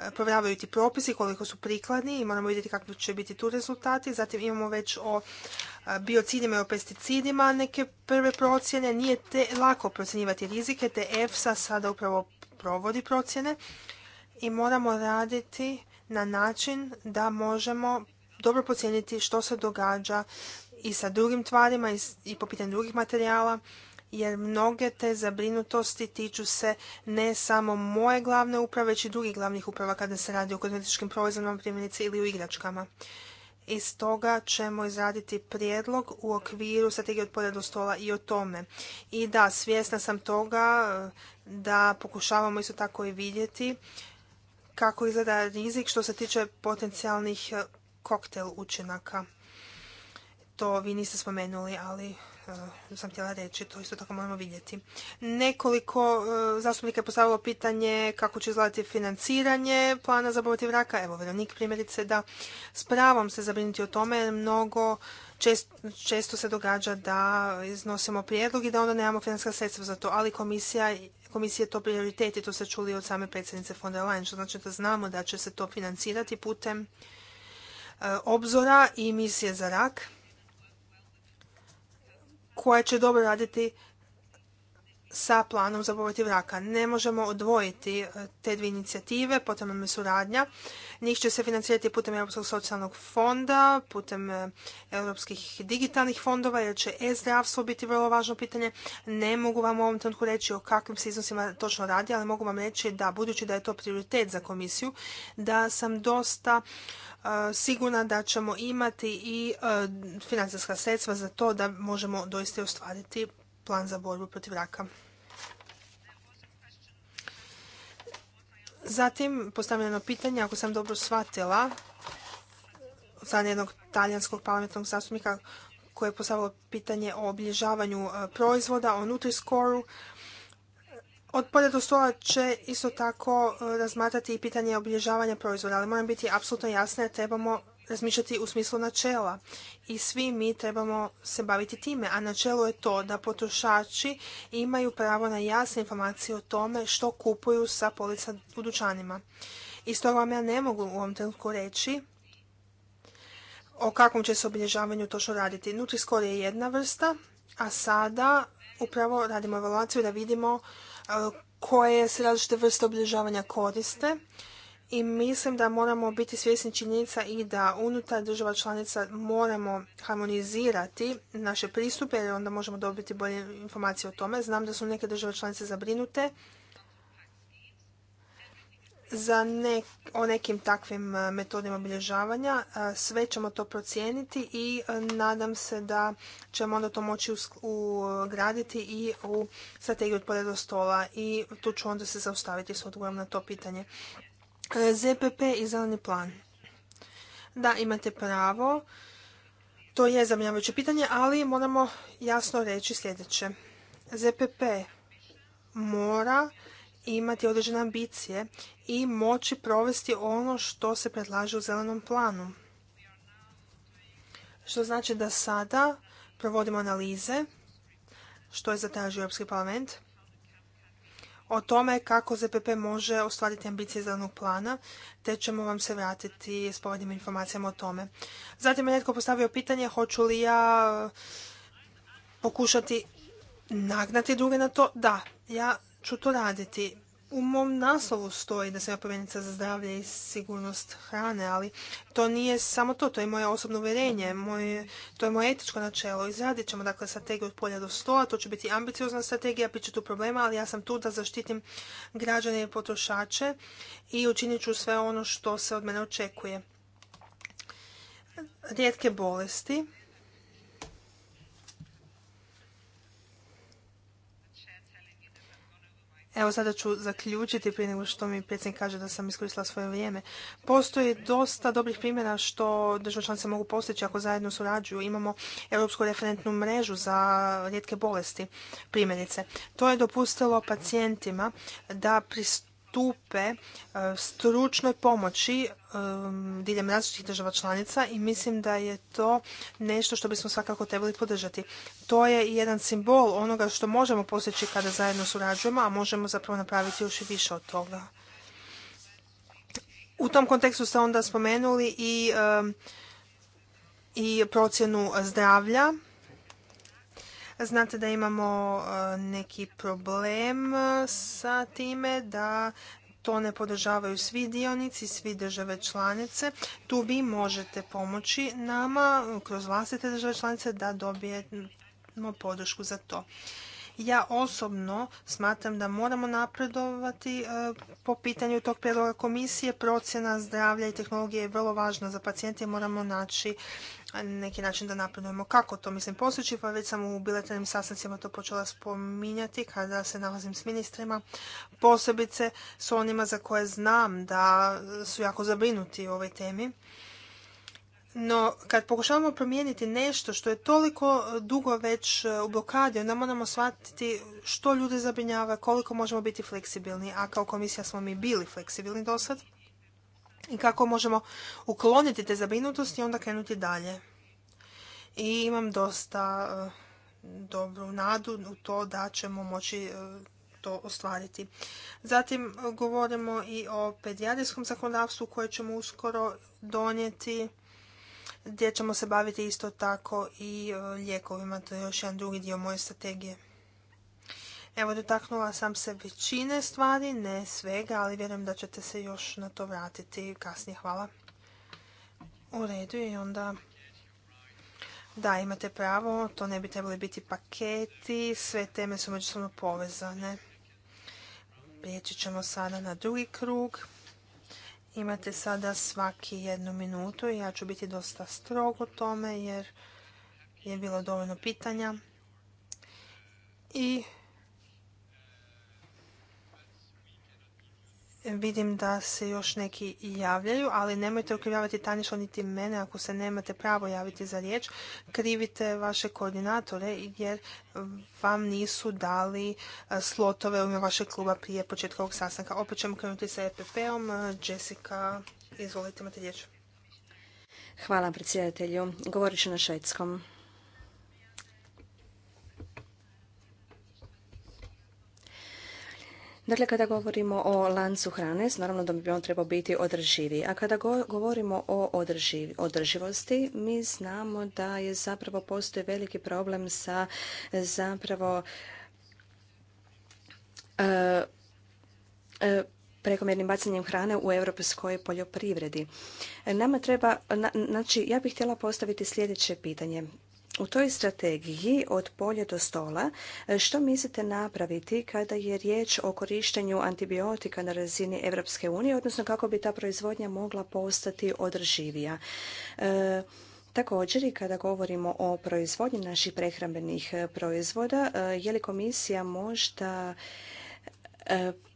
eh, provjeravaju ti propisi, koliko su prikladni i moramo vidjeti kakvi će biti tu rezultati. Zatim imamo već o eh, biocidima i o pesticidima neke prve procjene. Nije te lako procjenjivati rizike, te EFSA sada upravo provodi procjene i moramo raditi na način da možemo dobro pocijeniti što se događa i sa drugim tvarima i po pitanju drugih materijala, jer mnoge te zabrinutosti tiču se ne samo moje glavne uprave, već i drugih glavnih uprava kada se radi o kozmetičkim proizvodima, primjerice ili u igračkama. Iz toga ćemo izraditi prijedlog u okviru strategije od do stola i o tome. I da, svjesna sam toga e, da pokušavamo isto tako i vidjeti kako izgleda rizik što se tiče potencijalnih e, koktel učinaka. To vi niste spomenuli, ali e, sam htjela reći, to isto tako moramo vidjeti. Nekoliko e, zastupnika je postavilo pitanje kako će izgledati financiranje plana za protiv vraka. Evo, Veronik primjerice da s pravom se zabrinuti o tome jer mnogo često se događa da iznosimo prijedlog i da onda nemamo financijska sredstva za to, ali komisija komisije to prioritet i to ste čuli od same predsjednice fonda što znači da znamo da će se to financirati putem e, obzora i misije za rak koja će dobro raditi sa planom za borbu vraka. Ne možemo odvojiti e, te dvije inicijative, potom nam je suradnja. Njih će se financirati putem Europskog socijalnog fonda, putem e, europskih digitalnih fondova, jer će e-zdravstvo biti vrlo važno pitanje. Ne mogu vam u ovom trenutku reći o kakvim se iznosima točno radi, ali mogu vam reći da, budući da je to prioritet za komisiju, da sam dosta e, sigurna da ćemo imati i financijska sredstva za to da možemo doista ostvariti plan za borbu protiv raka. Zatim, postavljeno pitanje, ako sam dobro shvatila, od jednog talijanskog parlamentarnog zastupnika koje je postavilo pitanje o obilježavanju e, proizvoda, o nutri u Od do stola će isto tako e, razmatrati i pitanje obilježavanja proizvoda, ali moram biti apsolutno jasna jer trebamo razmišljati u smislu načela i svi mi trebamo se baviti time, a načelo je to da potrošači imaju pravo na jasne informacije o tome što kupuju sa polica u dućanima. I stoga vam ja ne mogu u ovom trenutku reći o kakvom će se obilježavanju točno raditi. Nutri-score je jedna vrsta, a sada upravo radimo evaluaciju da vidimo e, koje se različite vrste obilježavanja koriste i mislim da moramo biti svjesni činjenica i da unutar država članica moramo harmonizirati naše pristupe jer onda možemo dobiti bolje informacije o tome. Znam da su neke države članice zabrinute za o nekim takvim e, metodima obilježavanja. E, sve ćemo to procijeniti i e, nadam se da ćemo onda to moći ugraditi i u strategiju od do stola i tu ću onda se zaustaviti s odgovorom na to pitanje. ZPP i zeleni plan. Da, imate pravo. To je zamljavajuće pitanje, ali moramo jasno reći sljedeće. ZPP mora imati određene ambicije i moći provesti ono što se predlaže u zelenom planu. Što znači da sada provodimo analize što je zatražio Europski parlament o tome kako ZPP može ostvariti ambicije zelenog plana, te ćemo vam se vratiti s povednim informacijama o tome. Zatim je netko postavio pitanje hoću li ja pokušati nagnati druge na to. Da, ja ću to raditi u mom naslovu stoji da sam ja povjednica za zdravlje i sigurnost hrane, ali to nije samo to, to je moje osobno uvjerenje, to je moje etičko načelo. Izradit ćemo dakle strategiju od polja do stola, to će biti ambiciozna strategija, bit će tu problema, ali ja sam tu da zaštitim građane i potrošače i učinit ću sve ono što se od mene očekuje. Rijetke bolesti, Evo sada ću zaključiti prije nego što mi predsjednik kaže da sam iskoristila svoje vrijeme. Postoji dosta dobrih primjera što države članice mogu postići ako zajedno surađuju. Imamo Europsku referentnu mrežu za rijetke bolesti primjerice. To je dopustilo pacijentima da tupe e, stručnoj pomoći e, diljem različitih država članica i mislim da je to nešto što bismo svakako trebali podržati. To je jedan simbol onoga što možemo postići kada zajedno surađujemo, a možemo zapravo napraviti još i više od toga. U tom kontekstu ste onda spomenuli i e, procjenu zdravlja Znate da imamo e, neki problem e, sa time da to ne podržavaju svi dionici, svi države članice. Tu vi možete pomoći nama kroz vlastite države članice da dobijemo podršku za to. Ja osobno smatram da moramo napredovati e, po pitanju tog prijedloga komisije. Procjena zdravlja i tehnologije je vrlo važna za pacijente moramo naći neki način da napredujemo. Kako to mislim postići? Pa već sam u bilateralnim sastancima to počela spominjati kada se nalazim s ministrima, posebice s onima za koje znam da su jako zabrinuti o ovoj temi. No, kad pokušavamo promijeniti nešto što je toliko dugo već e, u blokadi, onda moramo shvatiti što ljude zabrinjava, koliko možemo biti fleksibilni, a kao komisija smo mi bili fleksibilni do sad i kako možemo ukloniti te zabrinutosti i onda krenuti dalje. I imam dosta eh, dobru nadu u to da ćemo moći eh, to ostvariti. Zatim eh, govorimo i o pedijatrijskom zakonodavstvu koje ćemo uskoro donijeti gdje ćemo se baviti isto tako i lijekovima. To je još jedan drugi dio moje strategije. Evo, dotaknula sam se većine stvari, ne svega, ali vjerujem da ćete se još na to vratiti kasnije. Hvala. U redu i onda... Da, imate pravo, to ne bi trebali biti paketi, sve teme su međusobno povezane. Prijeći ćemo sada na drugi krug. Imate sada svaki jednu minutu i ja ću biti dosta strog u tome jer je bilo dovoljno pitanja. I Vidim da se još neki javljaju, ali nemojte okrivljavati Tanišo niti mene ako se nemate pravo javiti za riječ. Krivite vaše koordinatore jer vam nisu dali e, slotove u ime vašeg kluba prije početka ovog sastanka. Opet ćemo krenuti sa EPP-om. Jessica, izvolite, imate riječ. Hvala predsjedatelju. Govorit ću na švedskom. Dakle, kada govorimo o lancu hrane, naravno da bi on trebao biti održivi. A kada govorimo o održivosti, mi znamo da je zapravo postoji veliki problem sa zapravo e, e, prekomjernim bacanjem hrane u europskoj poljoprivredi. Nama treba, znači, ja bih htjela postaviti sljedeće pitanje. U toj strategiji od polja do stola što mislite napraviti kada je riječ o korištenju antibiotika na razini Europske unije, odnosno kako bi ta proizvodnja mogla postati održivija? E, također i kada govorimo o proizvodnji naših prehrambenih e, proizvoda, e, je li komisija možda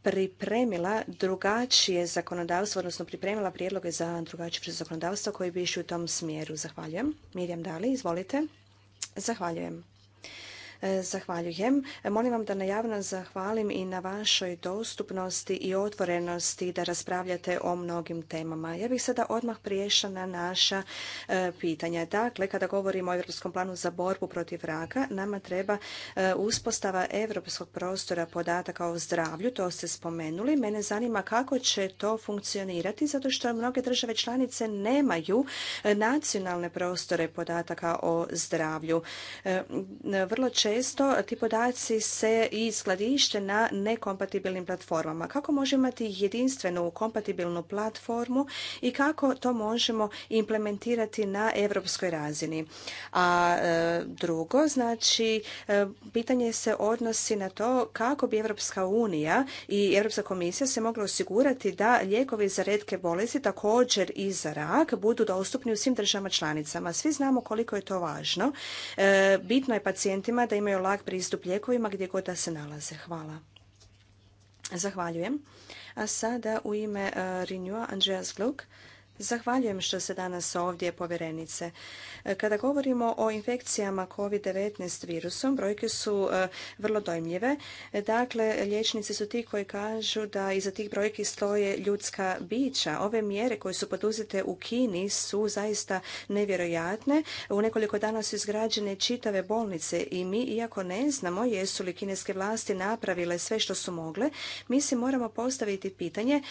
pripremila drugačije zakonodavstvo, odnosno pripremila prijedloge za drugačije zakonodavstvo koji bi išli u tom smjeru. Zahvaljujem. Mirjam Dali, izvolite. Zahvaljujem. E, zahvaljujem. E, molim vam da na javno zahvalim i na vašoj dostupnosti i otvorenosti da raspravljate o mnogim temama. Ja bih sada odmah priješla na naša e, pitanja. Dakle, kada govorimo o Europskom planu za borbu protiv raka, nama treba uspostava europskog prostora podataka o zdravlju, to ste spomenuli. Mene zanima kako će to funkcionirati, zato što mnoge države članice nemaju nacionalne prostore podataka o zdravlju. Vrlo često često ti podaci se i skladište na nekompatibilnim platformama. Kako možemo imati jedinstvenu kompatibilnu platformu i kako to možemo implementirati na europskoj razini? A e, drugo, znači, e, pitanje se odnosi na to kako bi Europska unija i Europska komisija se mogla osigurati da lijekovi za redke bolesti također i za rak budu dostupni u svim državama članicama. Svi znamo koliko je to važno. E, bitno je pacijentima da imaju lak pristup lijekovima gdje god da se nalaze. Hvala. Zahvaljujem. A sada u ime e, Renewa Andreas Gluck Zahvaljujem što se danas ovdje, povjerenice. E, kada govorimo o infekcijama COVID-19 virusom, brojke su e, vrlo dojmljive. E, dakle, liječnici su ti koji kažu da iza tih brojki stoje ljudska bića. Ove mjere koje su poduzete u Kini su zaista nevjerojatne. U nekoliko dana su izgrađene čitave bolnice i mi, iako ne znamo jesu li kineske vlasti napravile sve što su mogle, mi si moramo postaviti pitanje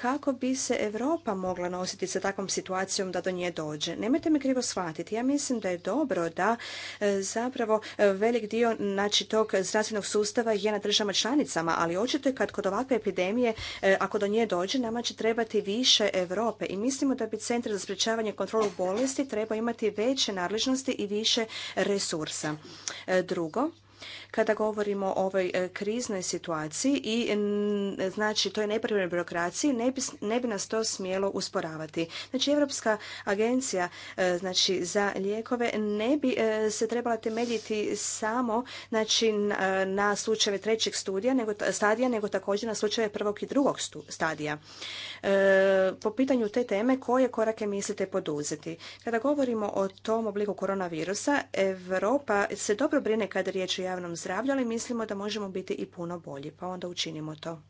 kako bi se Europa mogla nositi sa takvom situacijom da do nje dođe. Nemojte me krivo shvatiti. Ja mislim da je dobro da e, zapravo e, velik dio znači, tog zdravstvenog sustava je na državama članicama, ali očito je kad kod ovakve epidemije, e, ako do nje dođe, nama će trebati više Europe i mislimo da bi Centar za sprječavanje kontrolu bolesti trebao imati veće nadležnosti i više resursa. Drugo, kada govorimo o ovoj e, kriznoj situaciji i znači toj nepravilnoj birokraciji ne bi, ne bi nas to smjelo usporavati. Znači Europska agencija e, znači za lijekove ne bi e, se trebala temeljiti samo znači na slučajeve trećeg studija, nego stadija, nego također na slučajeve prvog i drugog stadija. po pitanju te teme koje korake mislite poduzeti? Kada govorimo o tom obliku koronavirusa, Europa se dobro brine kada je riječ o javnom zdravlju, mislimo da možemo biti i puno bolji, pa onda učinimo to.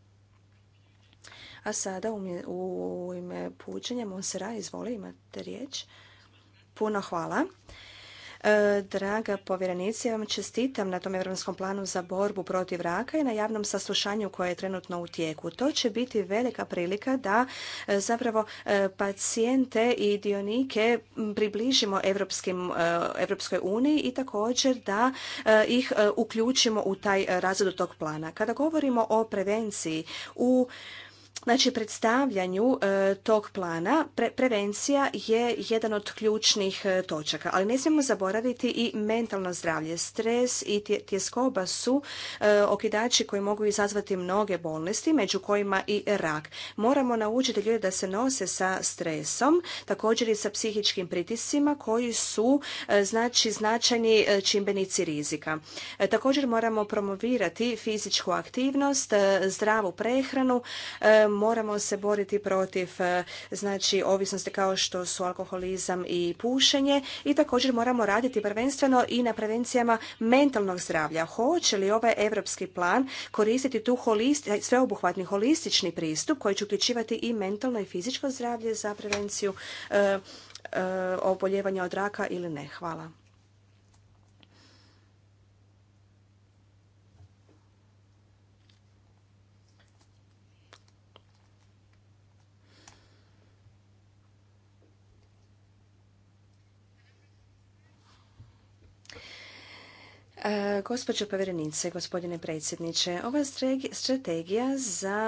A sada u ime puđenja Monsera, izvoli, imate riječ. Puno hvala. E, draga povjerenice, ja vam čestitam na tom Europskom planu za borbu protiv raka i na javnom saslušanju koje je trenutno u tijeku. To će biti velika prilika da e, zapravo e, pacijente i dionike približimo Europskim, Europskoj uniji i također da ih uključimo u taj razred tog plana. Kada govorimo o prevenciji u Znači, predstavljanju e, tog plana prevencija je jedan od ključnih e, točaka, ali ne smijemo zaboraviti i mentalno zdravlje. Stres i tjeskoba su e, okidači koji mogu izazvati mnoge bolesti, među kojima i rak. Moramo naučiti ljude da se nose sa stresom, također i sa psihičkim pritiscima koji su znači značajni čimbenici rizika. Također moramo promovirati fizičku aktivnost, zdravu prehranu, moramo se boriti protiv e, znači ovisnosti kao što su alkoholizam i pušenje i također moramo raditi prvenstveno i na prevencijama mentalnog zdravlja. Hoće li ovaj europski plan koristiti tu sveobuhvatni holistični pristup koji će uključivati i mentalno i fizičko zdravlje za prevenciju e, e, oboljevanja od raka ili ne? Hvala. E, gospođo povjerenice, gospodine predsjedniče, ova strategija za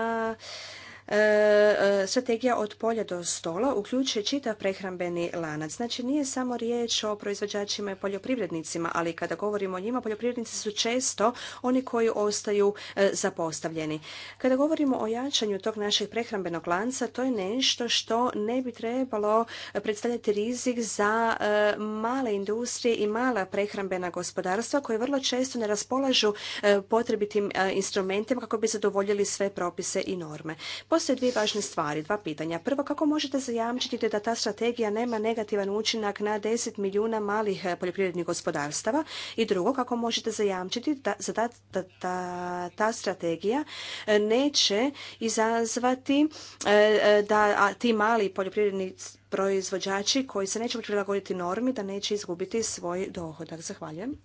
E, e, strategija od polja do stola uključuje čitav prehrambeni lanac. Znači nije samo riječ o proizvođačima i poljoprivrednicima, ali kada govorimo o njima, poljoprivrednici su često oni koji ostaju e, zapostavljeni. Kada govorimo o jačanju tog našeg prehrambenog lanca, to je nešto što ne bi trebalo predstavljati rizik za male industrije i mala prehrambena gospodarstva koje vrlo često ne raspolažu potrebitim instrumentima kako bi zadovoljili sve propise i norme postoje dvije važne stvari, dva pitanja. Prvo, kako možete zajamčiti da ta strategija nema negativan učinak na 10 milijuna malih eh, poljoprivrednih gospodarstava? I drugo, kako možete zajamčiti da, ta strategija eh, neće izazvati eh, da ti mali poljoprivredni proizvođači koji se neće prilagoditi normi, da neće izgubiti svoj dohodak? Zahvaljujem.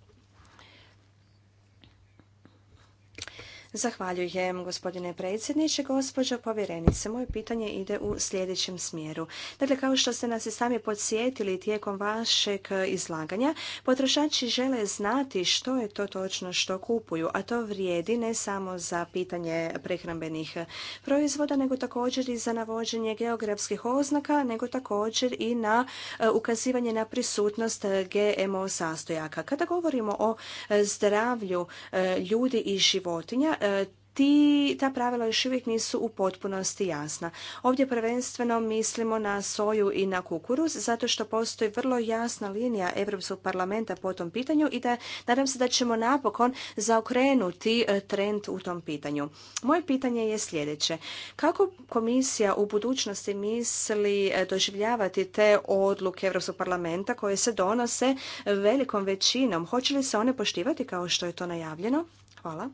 Zahvaljujem gospodine predsjedniče, gospođo povjerenice. Moje pitanje ide u sljedećem smjeru. Dakle, kao što ste nas i sami podsjetili tijekom vašeg izlaganja, potrošači žele znati što je to točno što kupuju, a to vrijedi ne samo za pitanje prehrambenih proizvoda, nego također i za navođenje geografskih oznaka, nego također i na e, ukazivanje na prisutnost GMO sastojaka. Kada govorimo o e, zdravlju e, ljudi i životinja, E, ti, ta pravila još uvijek nisu u potpunosti jasna. Ovdje prvenstveno mislimo na soju i na kukuruz, zato što postoji vrlo jasna linija Europskog parlamenta po tom pitanju i da nadam se da ćemo napokon zaokrenuti e, trend u tom pitanju. Moje pitanje je sljedeće. Kako komisija u budućnosti misli e, doživljavati te odluke Europskog parlamenta koje se donose velikom većinom? Hoće li se one poštivati kao što je to najavljeno? Hvala.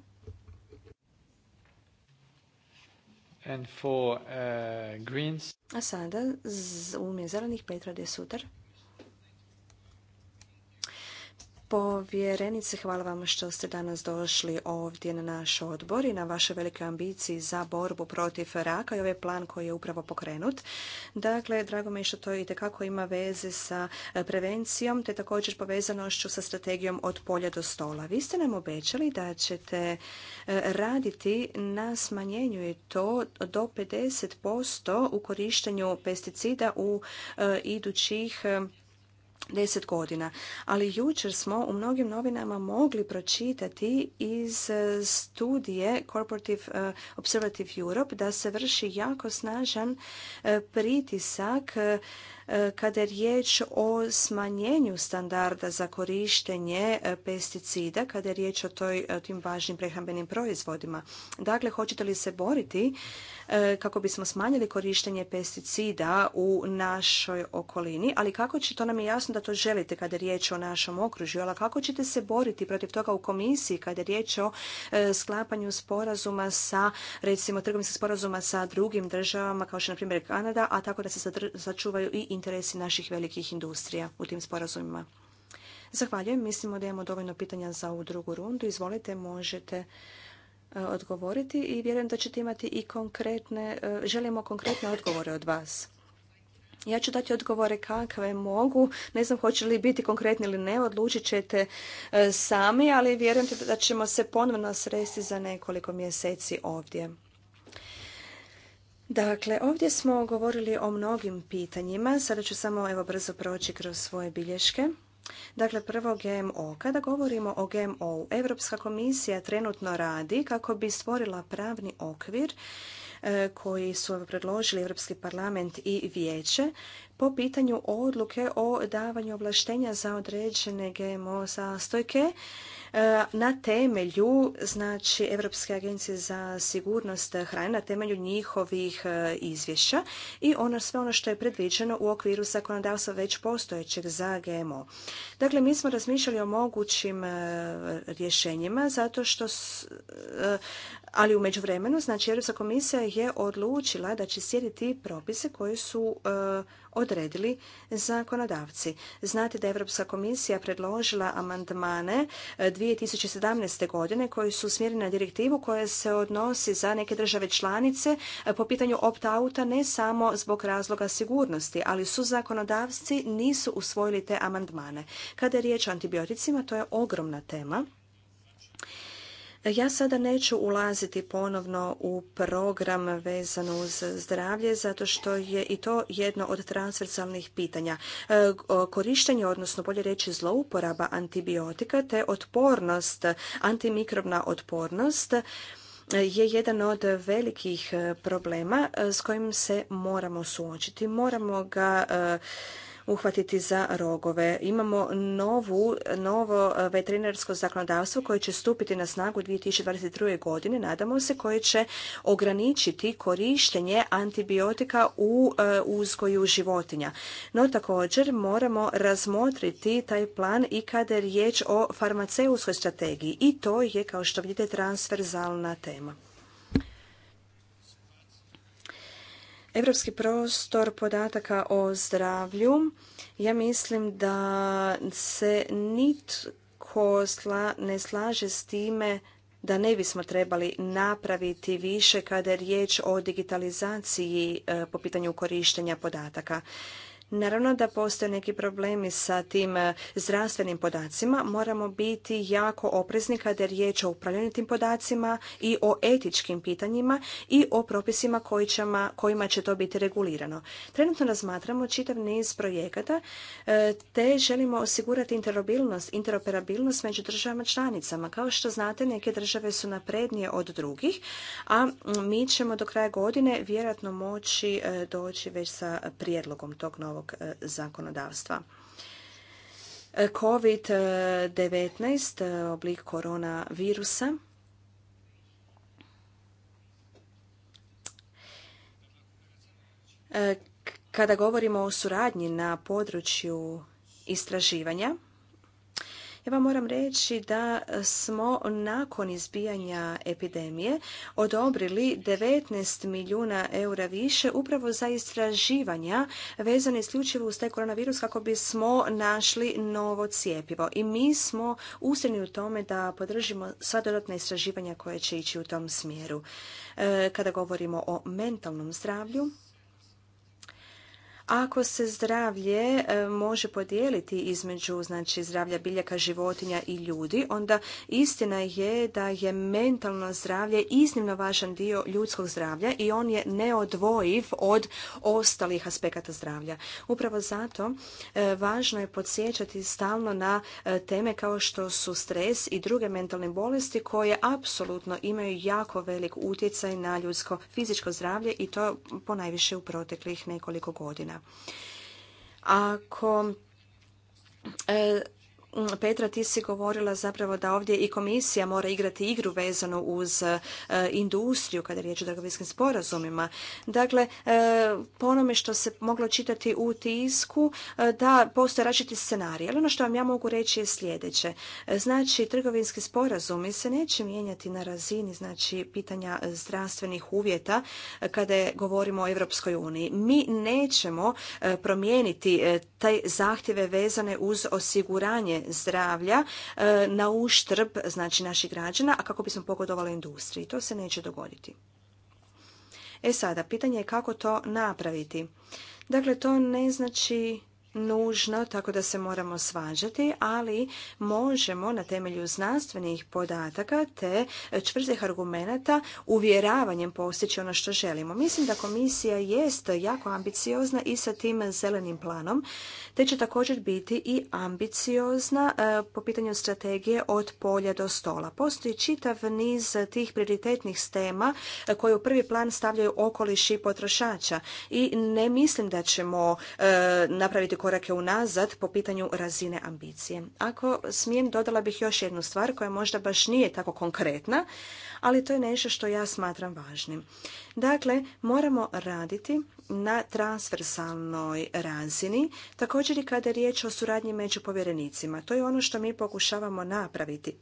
And for, uh, greens. A sada u ime Petra de Suter. Povjerenice, hvala vam što ste danas došli ovdje na naš odbor i na vaše velike ambicije za borbu protiv raka i ovaj plan koji je upravo pokrenut. Dakle, drago mi je što to i tekako ima veze sa prevencijom te također povezanošću sa strategijom od polja do stola. Vi ste nam obećali da ćete e, raditi na smanjenju i to do 50% u korištenju pesticida u e, idućih deset godina. Ali jučer smo u mnogim novinama mogli pročitati iz e, studije Corporative e, Observative Europe da se vrši jako snažan e, pritisak E, kada je riječ o smanjenju standarda za korištenje e, pesticida, kada je riječ o toj, tim važnim prehrambenim proizvodima, dakle, hoćete li se boriti e, kako bismo smanjili korištenje pesticida u našoj okolini, ali kako će, to nam je jasno da to želite kada je riječ o našom okružju, ali kako ćete se boriti protiv toga u komisiji kada je riječ o sklapanju sporazuma sa, recimo, trgovinskih sporazuma sa drugim državama, kao što je, na primjer, Kanada, a tako da se sačuvaju i interesi naših velikih industrija u tim sporazumima. Zahvaljujem. Mislimo da imamo dovoljno pitanja za ovu drugu rundu. Izvolite, možete e, odgovoriti i vjerujem da ćete imati i konkretne, e, želimo konkretne odgovore od vas. Ja ću dati odgovore kakve mogu. Ne znam hoće li biti konkretni ili ne, odlučit ćete e, sami, ali vjerujem da ćemo se ponovno sresti za nekoliko mjeseci ovdje. Dakle, ovdje smo govorili o mnogim pitanjima. Sada ću samo evo brzo proći kroz svoje bilješke. Dakle, prvo GMO. Kada govorimo o GMO, Europska komisija trenutno radi kako bi stvorila pravni okvir e, koji su predložili Europski parlament i vijeće po pitanju odluke o davanju ovlaštenja za određene GMO sastojke na temelju znači Europske agencije za sigurnost hrane, na temelju njihovih e, izvješća i ono sve ono što je predviđeno u okviru zakonodavstva već postojećeg za GMO. Dakle, mi smo razmišljali o mogućim e, rješenjima zato što e, ali u međuvremenu, znači, Europska komisija je odlučila da će sjediti propise koje su e, odredili zakonodavci. Znate da je Europska komisija predložila amandmane 2017. E, godine koji su usmjereni na direktivu koja se odnosi za neke države članice e, po pitanju opt-outa ne samo zbog razloga sigurnosti, ali su zakonodavci nisu usvojili te amandmane. Kada je riječ o antibioticima, to je ogromna tema ja sada neću ulaziti ponovno u program vezano uz zdravlje, zato što je i to jedno od transversalnih pitanja. E, korištenje, odnosno bolje reći zlouporaba antibiotika te otpornost, antimikrobna otpornost, e, je jedan od velikih e, problema s kojim se moramo suočiti. Moramo ga uhvatiti za rogove. Imamo novu, novo e, veterinarsko zakonodavstvo koje će stupiti na snagu 2022. godine, nadamo se, koje će ograničiti korištenje antibiotika u e, uzgoju životinja. No također moramo razmotriti taj plan i kada je riječ o farmaceutskoj strategiji i to je kao što vidite transferzalna tema. Europski prostor podataka o zdravlju, ja mislim da se nitko ne slaže s time da ne bismo trebali napraviti više kada je riječ o digitalizaciji e, po pitanju korištenja podataka. Naravno da postoje neki problemi sa tim eh, zdravstvenim podacima. Moramo biti jako oprezni kada je riječ o upravljanju tim podacima i o etičkim pitanjima i o propisima kojima će to biti regulirano. Trenutno razmatramo čitav niz projekata eh, te želimo osigurati interoperabilnost, interoperabilnost među državama članicama. Kao što znate, neke države su naprednije od drugih, a mi ćemo do kraja godine vjerojatno moći eh, doći već sa prijedlogom tog novog E, zakonodavstva. E, COVID-19, e, oblik koronavirusa, kada govorimo o suradnji na području istraživanja, ja vam moram reći da smo nakon izbijanja epidemije odobrili 19 milijuna eura više upravo za istraživanja vezane isključivo uz taj koronavirus kako bismo našli novo cijepivo. I mi smo usredni u tome da podržimo sva dodatna istraživanja koja će ići u tom smjeru. E, kada govorimo o mentalnom zdravlju, ako se zdravlje e, može podijeliti između znači, zdravlja biljaka, životinja i ljudi, onda istina je da je mentalno zdravlje iznimno važan dio ljudskog zdravlja i on je neodvojiv od ostalih aspekata zdravlja. Upravo zato e, važno je podsjećati stalno na e, teme kao što su stres i druge mentalne bolesti koje apsolutno imaju jako velik utjecaj na ljudsko fizičko zdravlje i to ponajviše u proteklih nekoliko godina. Ako e, Petra, ti si govorila zapravo da ovdje i komisija mora igrati igru vezano uz e, industriju kada je riječ o trgovinskim sporazumima. Dakle, e, po onome što se moglo čitati u tisku, e, da postoje različiti scenarij. Ali ono što vam ja mogu reći je sljedeće. Znači, trgovinski sporazumi se neće mijenjati na razini znači, pitanja zdravstvenih uvjeta kada govorimo o Europskoj uniji. Mi nećemo promijeniti taj zahtjeve vezane uz osiguranje zdravlja e, na uštrb znači, naših građana, a kako bismo pogodovali industriji. To se neće dogoditi. E sada, pitanje je kako to napraviti. Dakle, to ne znači nužno, tako da se moramo svađati, ali možemo na temelju znanstvenih podataka te čvrstih argumenata uvjeravanjem postići ono što želimo. Mislim da komisija jest jako ambiciozna i sa tim zelenim planom, te će također biti i ambiciozna e, po pitanju strategije od polja do stola. Postoji čitav niz tih prioritetnih tema e, koje u prvi plan stavljaju okoliš i potrošača i ne mislim da ćemo e, napraviti korake unazad po pitanju razine ambicije. Ako smijem, dodala bih još jednu stvar koja možda baš nije tako konkretna, ali to je nešto što ja smatram važnim. Dakle, moramo raditi na transversalnoj razini, također i kada je riječ o suradnji među povjerenicima. To je ono što mi pokušavamo napraviti.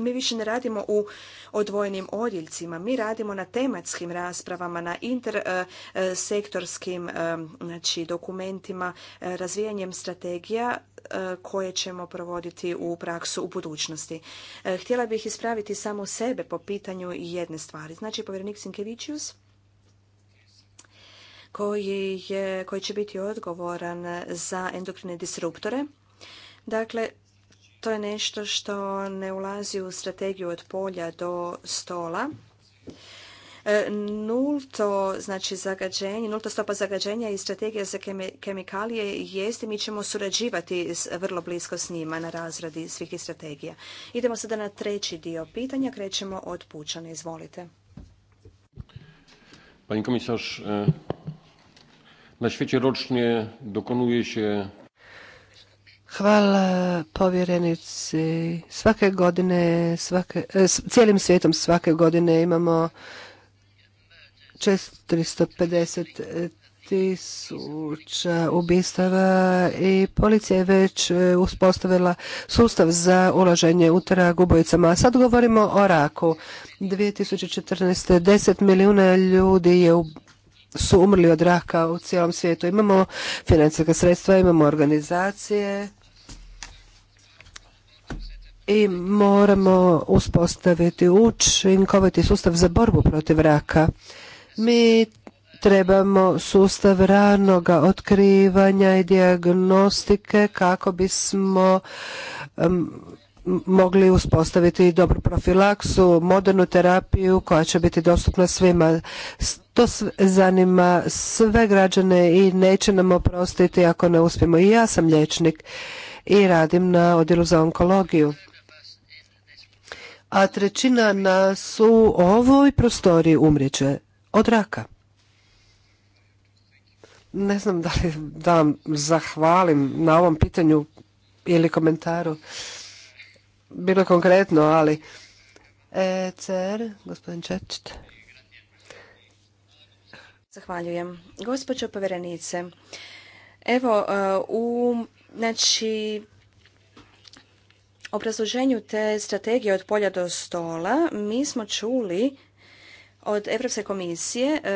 Mi više ne radimo u odvojenim odjeljcima, mi radimo na tematskim raspravama, na intersektorskim e, e, e, znači, dokumentima, razvijanjem strategija koje ćemo provoditi u praksu u budućnosti. Htjela bih ispraviti samo sebe po pitanju jedne stvari. Znači, povjerenik Sinkevičius koji, je, koji će biti odgovoran za endokrine disruptore. Dakle, to je nešto što ne ulazi u strategiju od polja do stola. E, nulto, znači zagađenje, nulta stopa zagađenja i strategija za kemikalije jeste mi ćemo surađivati vrlo blisko s njima na razradi svih strategija. Idemo sada na treći dio pitanja, krećemo od Pučana, izvolite. Pani e, na świecie rocznie dokonuje się Hvala povjerenici. Svake godine, svake, e, cijelim svijetom svake godine imamo 450 tisuća ubistava i policija je već e, uspostavila sustav za ulaženje u trag ubojicama. A sad govorimo o raku. 2014. 10 milijuna ljudi je su umrli od raka u cijelom svijetu. Imamo financijska sredstva, imamo organizacije i moramo uspostaviti učinkoviti sustav za borbu protiv raka. Mi trebamo sustav ranoga otkrivanja i dijagnostike kako bismo mogli uspostaviti dobru profilaksu, modernu terapiju koja će biti dostupna svima. To zanima sve građane i neće nam oprostiti ako ne uspijemo. I ja sam liječnik i radim na odjelu za onkologiju a trećina nas u ovoj prostoriji umrijeće od raka. Ne znam da li da vam zahvalim na ovom pitanju ili komentaru. Bilo konkretno, ali... E cer gospodin Čečet. Zahvaljujem. Gospođo povjerenice, evo, u, znači, obrazloženju te strategije od polja do stola mi smo čuli od Europske komisije e,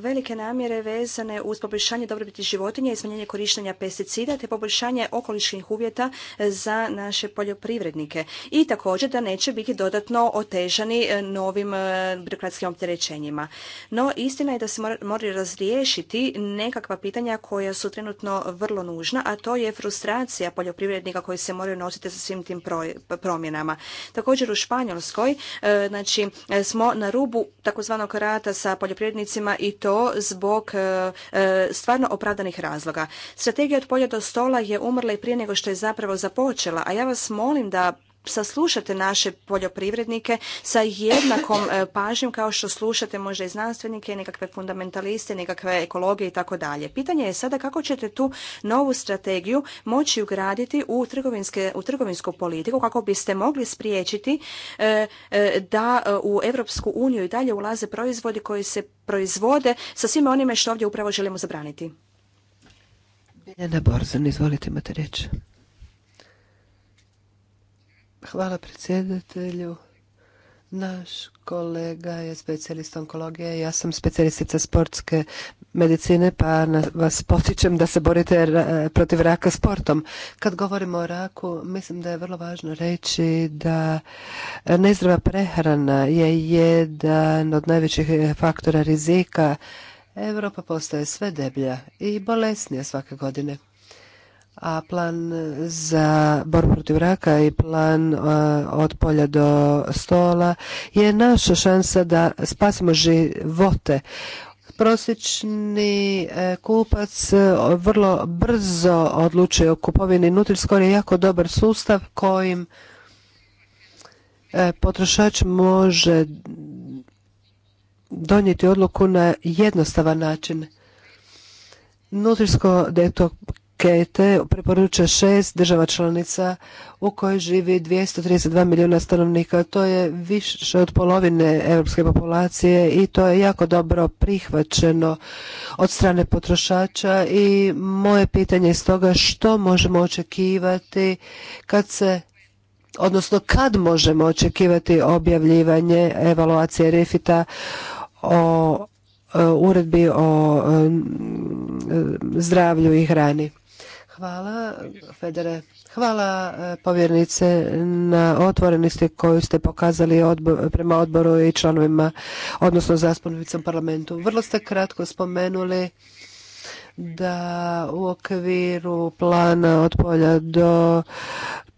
velike namjere vezane uz poboljšanje dobrobiti životinja i smanjenje korištenja pesticida te poboljšanje okolišnih uvjeta za naše poljoprivrednike i također da neće biti dodatno otežani e, novim e, birokratskim opterećenjima. No istina je da se moraju razriješiti nekakva pitanja koja su trenutno vrlo nužna, a to je frustracija poljoprivrednika koji se moraju nositi sa svim tim promjenama. Također u Španjolskoj znači, smo na rubu takozvani takozvanog rata sa poljoprivrednicima i to zbog e, e, stvarno opravdanih razloga. Strategija od polja do stola je umrla i prije nego što je zapravo započela, a ja vas molim da saslušate naše poljoprivrednike sa jednakom e, pažnjom kao što slušate možda i znanstvenike, nekakve fundamentaliste, nekakve ekologije i tako dalje. Pitanje je sada kako ćete tu novu strategiju moći ugraditi u, u trgovinsku politiku kako biste mogli spriječiti e, e, da u Europsku uniju i dalje ulaze proizvodi koji se proizvode sa svime onime što ovdje upravo želimo zabraniti. Jelena Borzan, izvolite, imate riječ. Hvala predsjedatelju. Naš kolega je specijalist onkologije, ja sam specijalistica sportske medicine, pa vas potičem da se borite protiv raka sportom. Kad govorimo o raku, mislim da je vrlo važno reći da nezdrava prehrana je jedan od najvećih faktora rizika. Europa postaje sve deblja i bolesnija svake godine a plan za borbu protiv raka i plan e, od polja do stola je naša šansa da spasimo živote. Prosječni e, kupac e, vrlo brzo odlučuje o kupovini Nutriscore je jako dobar sustav kojim potrošač može donijeti odluku na jednostavan način. Nutrisko to ankete preporuča šest država članica u kojoj živi 232 milijuna stanovnika. To je više od polovine europske populacije i to je jako dobro prihvaćeno od strane potrošača i moje pitanje je stoga što možemo očekivati kad se odnosno kad možemo očekivati objavljivanje evaluacije refita o e, uredbi o e, zdravlju i hrani. Hvala, Federe. Hvala e, povjernice na otvorenosti koju ste pokazali prema odboru i članovima, odnosno zastupnicom parlamentu. Vrlo ste kratko spomenuli da u okviru plana od polja do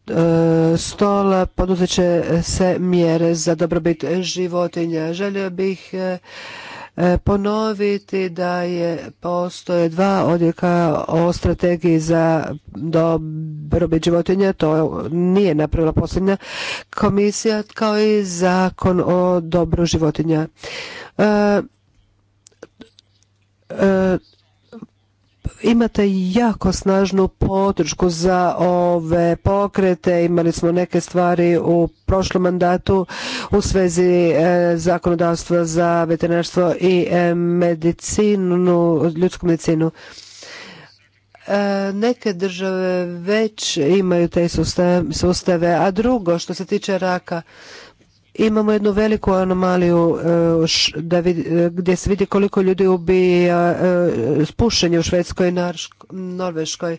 e, stola poduzeće se mjere za dobrobit životinja. Želio bih e, E, ponoviti da je postoje dva odjeka o strategiji za dobrobit životinja, to nije napravila posljednja komisija, kao i zakon o dobru životinja. E, e, imate jako snažnu podršku za ove pokrete. Imali smo neke stvari u prošlom mandatu u svezi e, zakonodavstva za veterinarstvo i e, medicinu, ljudsku medicinu. E, neke države već imaju te sustave, a drugo što se tiče raka, Imamo jednu veliku anomaliju e, e, gdje se vidi koliko ljudi ubija e, spušenje u Švedskoj i Norveškoj.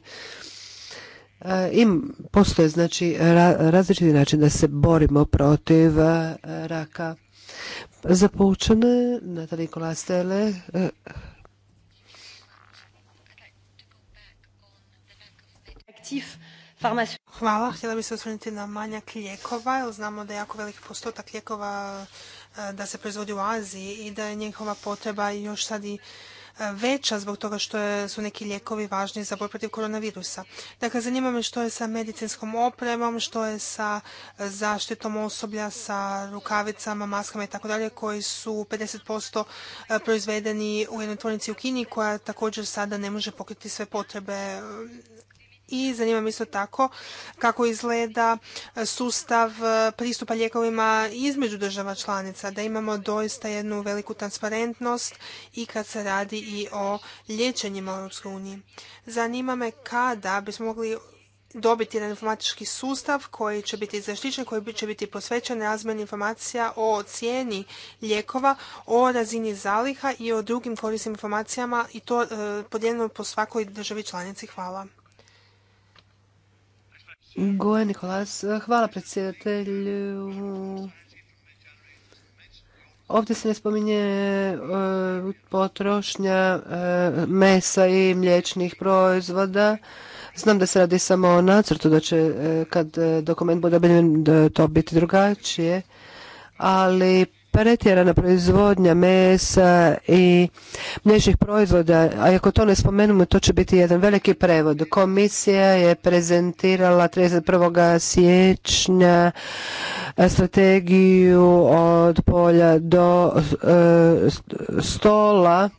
Im postoje znači različiti način da se borimo protiv raka. Za poučene, Natalija Kolastele, aktiv Hvala. Htjela bih se osvrnuti na manjak lijekova, jer znamo da je jako veliki postotak lijekova e, da se proizvodi u Aziji i da je njihova potreba još sad i e, veća zbog toga što su neki lijekovi važni za borbu protiv koronavirusa. Dakle, zanima me što je sa medicinskom opremom, što je sa zaštitom osoblja, sa rukavicama, maskama i tako dalje, koji su 50% e, proizvedeni u jednoj tvornici u Kini, koja također sada ne može pokriti sve potrebe i zanima me isto tako kako izgleda sustav e, pristupa lijekovima između država članica, da imamo doista jednu veliku transparentnost i kad se radi i o liječenjima u Europskoj uniji. Zanima me kada bismo mogli dobiti jedan informatički sustav koji će biti zaštićen, koji će biti posvećen razmjeni informacija o cijeni lijekova, o razini zaliha i o drugim korisnim informacijama i to e, podijeljeno po svakoj državi članici. Hvala. Goje Nikolas, eh, hvala predsjedatelju. Ovdje se ne spominje eh, potrošnja eh, mesa i mliječnih proizvoda. Znam da se radi samo o nacrtu, da će kad dokument bude objavljen to biti drugačije, ali pretjerana proizvodnja mesa i mliječnih proizvoda, a ako to ne spomenemo, to će biti jedan veliki prevod. Komisija je prezentirala 31. siječnja strategiju od polja do e, stola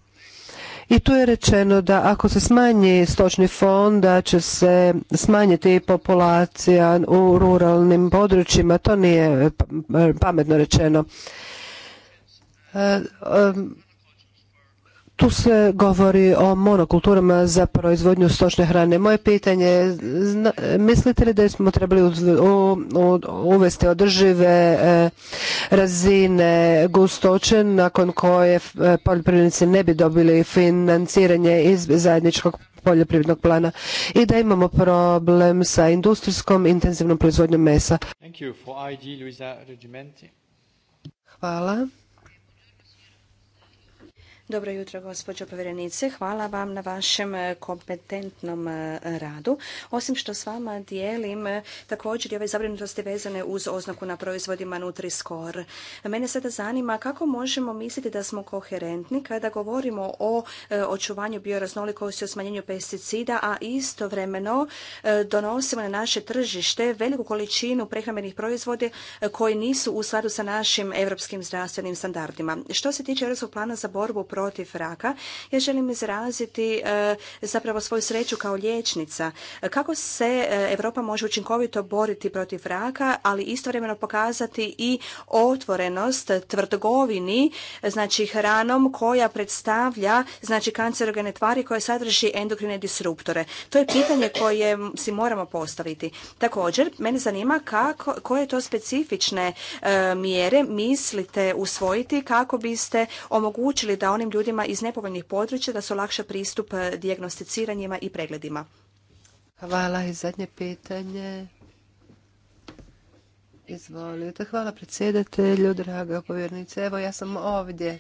i tu je rečeno da ako se smanji stočni fond da će se smanjiti populacija u ruralnim područjima. To nije e, pametno rečeno tu se govori o monokulturama za proizvodnju stočne hrane. Moje pitanje je, mislite li da smo trebali uvesti održive e, razine gustoće nakon koje e, poljoprivrednici ne bi dobili financiranje iz zajedničkog poljoprivrednog plana i da imamo problem sa industrijskom intenzivnom proizvodnjom mesa? Hvala. Dobro jutro, gospođo povjerenice. Hvala vam na vašem e, kompetentnom e, radu. Osim što s vama dijelim e, također i ove zabrinutosti vezane uz oznaku na proizvodima Nutri-Score. Mene sada zanima kako možemo misliti da smo koherentni kada govorimo o očuvanju bioraznolikosti, o smanjenju pesticida, a istovremeno donosimo na naše tržište veliku količinu prehrambenih proizvode koji nisu u skladu sa našim europskim zdravstvenim standardima. Što se tiče Europskog plana za borbu protiv raka, ja želim izraziti e, zapravo svoju sreću kao liječnica. Kako se e, Europa može učinkovito boriti protiv raka, ali istovremeno pokazati i otvorenost tvrtgovini, znači hranom koja predstavlja znači kancerogene tvari koje sadrži endokrine disruptore. To je pitanje koje si moramo postaviti. Također, mene zanima kako, koje to specifične e, mjere mislite usvojiti kako biste omogućili da oni ljudima iz nepovoljnih područja da se olakša pristup eh, dijagnosticiranjima i pregledima. Hvala i zadnje pitanje. Izvolite. Hvala predsjedatelju, draga povjernice. Evo ja sam ovdje.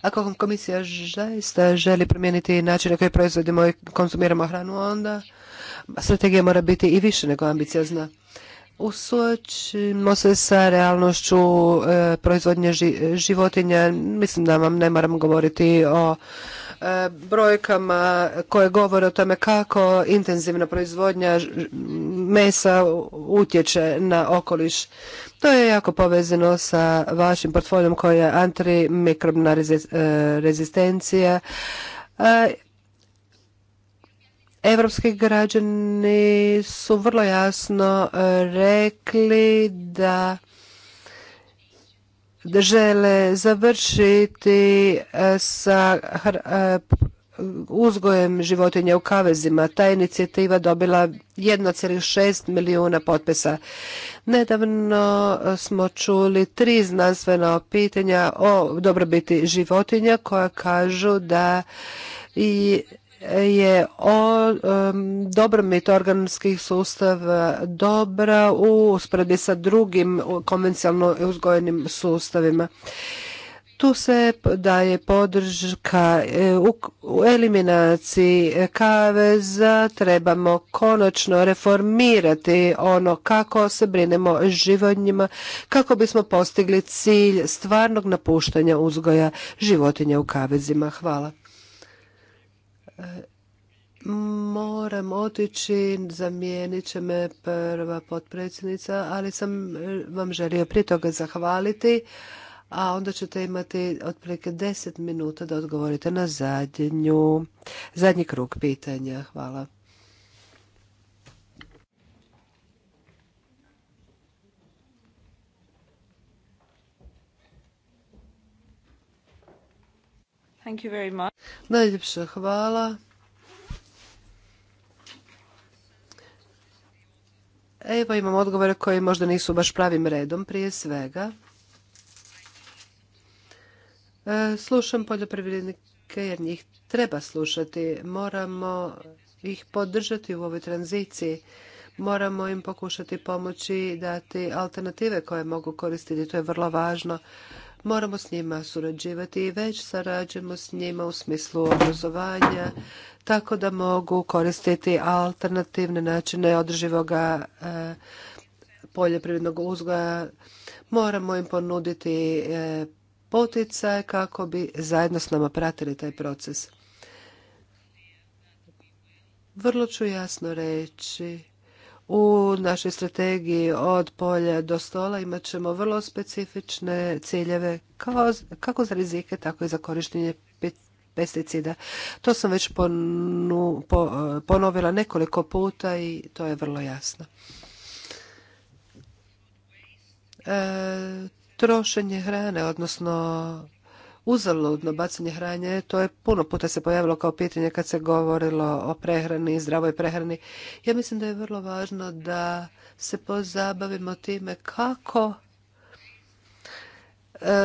Ako komisija zaista želi promijeniti način na koji proizvodimo i konzumiramo hranu, onda strategija mora biti i više nego ambiciozna suočimo se sa realnošću e, proizvodnje životinja. Mislim da vam ne moram govoriti o e, brojkama koje govore o tome kako intenzivna proizvodnja mesa utječe na okoliš. To je jako povezano sa vašim portfoljom koji je antimikrobna e, rezistencija. E, Evropski građani su vrlo jasno e, rekli da žele završiti e, sa e, uzgojem životinja u kavezima. Ta inicijativa dobila 1,6 milijuna potpisa. Nedavno smo čuli tri znanstvena pitanja o dobrobiti životinja koja kažu da i je o, um, organskih sustava e, dobra u usporedbi sa drugim konvencionalno uzgojenim sustavima. Tu se daje podrška e, u eliminaciji kaveza, trebamo konačno reformirati ono kako se brinemo o životinjima, kako bismo postigli cilj stvarnog napuštanja uzgoja životinja u kavezima. Hvala. Moram otići, zamijenit će me prva potpredsjednica, ali sam e, vam želio prije toga zahvaliti, a onda ćete imati otprilike 10 minuta da odgovorite na zadnji krug pitanja. Hvala. Thank you Najljepša hvala. Evo imam odgovore koji možda nisu baš pravim redom prije svega. E, slušam poljoprivrednike jer njih treba slušati. Moramo ih podržati u ovoj tranziciji. Moramo im pokušati pomoći dati alternative koje mogu koristiti. To je vrlo važno moramo s njima surađivati i već sarađujemo s njima u smislu obrazovanja, tako da mogu koristiti alternativne načine održivoga eh, poljoprivrednog uzgoja. Moramo im ponuditi eh, poticaje kako bi zajedno s nama pratili taj proces. Vrlo ću jasno reći u našoj strategiji od polja do stola imat ćemo vrlo specifične ciljeve kako za rizike, tako i za korištenje pesticida. To sam već ponovila nekoliko puta i to je vrlo jasno. E, trošenje hrane, odnosno uzaludno bacanje hranje, to je puno puta se pojavilo kao pitanje kad se govorilo o prehrani, zdravoj prehrani. Ja mislim da je vrlo važno da se pozabavimo time kako e,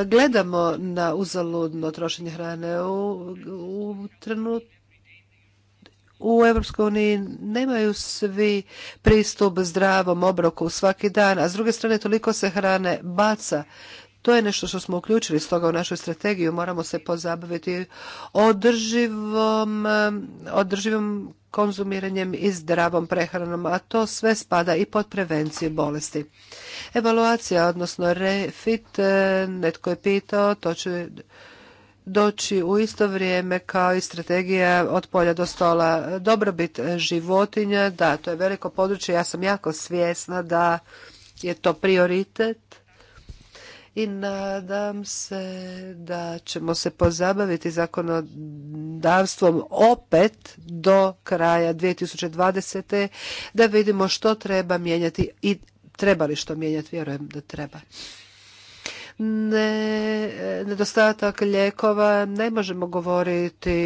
gledamo na uzaludno trošenje hrane u, u trenutku u Europskoj uniji nemaju svi pristup zdravom obroku svaki dan, a s druge strane toliko se hrane baca to je nešto što smo uključili stoga u našu strategiju. Moramo se pozabaviti održivom, održivom konzumiranjem i zdravom prehranom, a to sve spada i pod prevenciju bolesti. Evaluacija, odnosno refit, e, netko je pitao, to će doći u isto vrijeme kao i strategija od polja do stola. Dobrobit životinja, da, to je veliko područje. Ja sam jako svjesna da je to prioritet i nadam se da ćemo se pozabaviti zakonodavstvom opet do kraja 2020. da vidimo što treba mijenjati i treba li što mijenjati, vjerujem da treba ne, nedostatak lijekova, ne možemo govoriti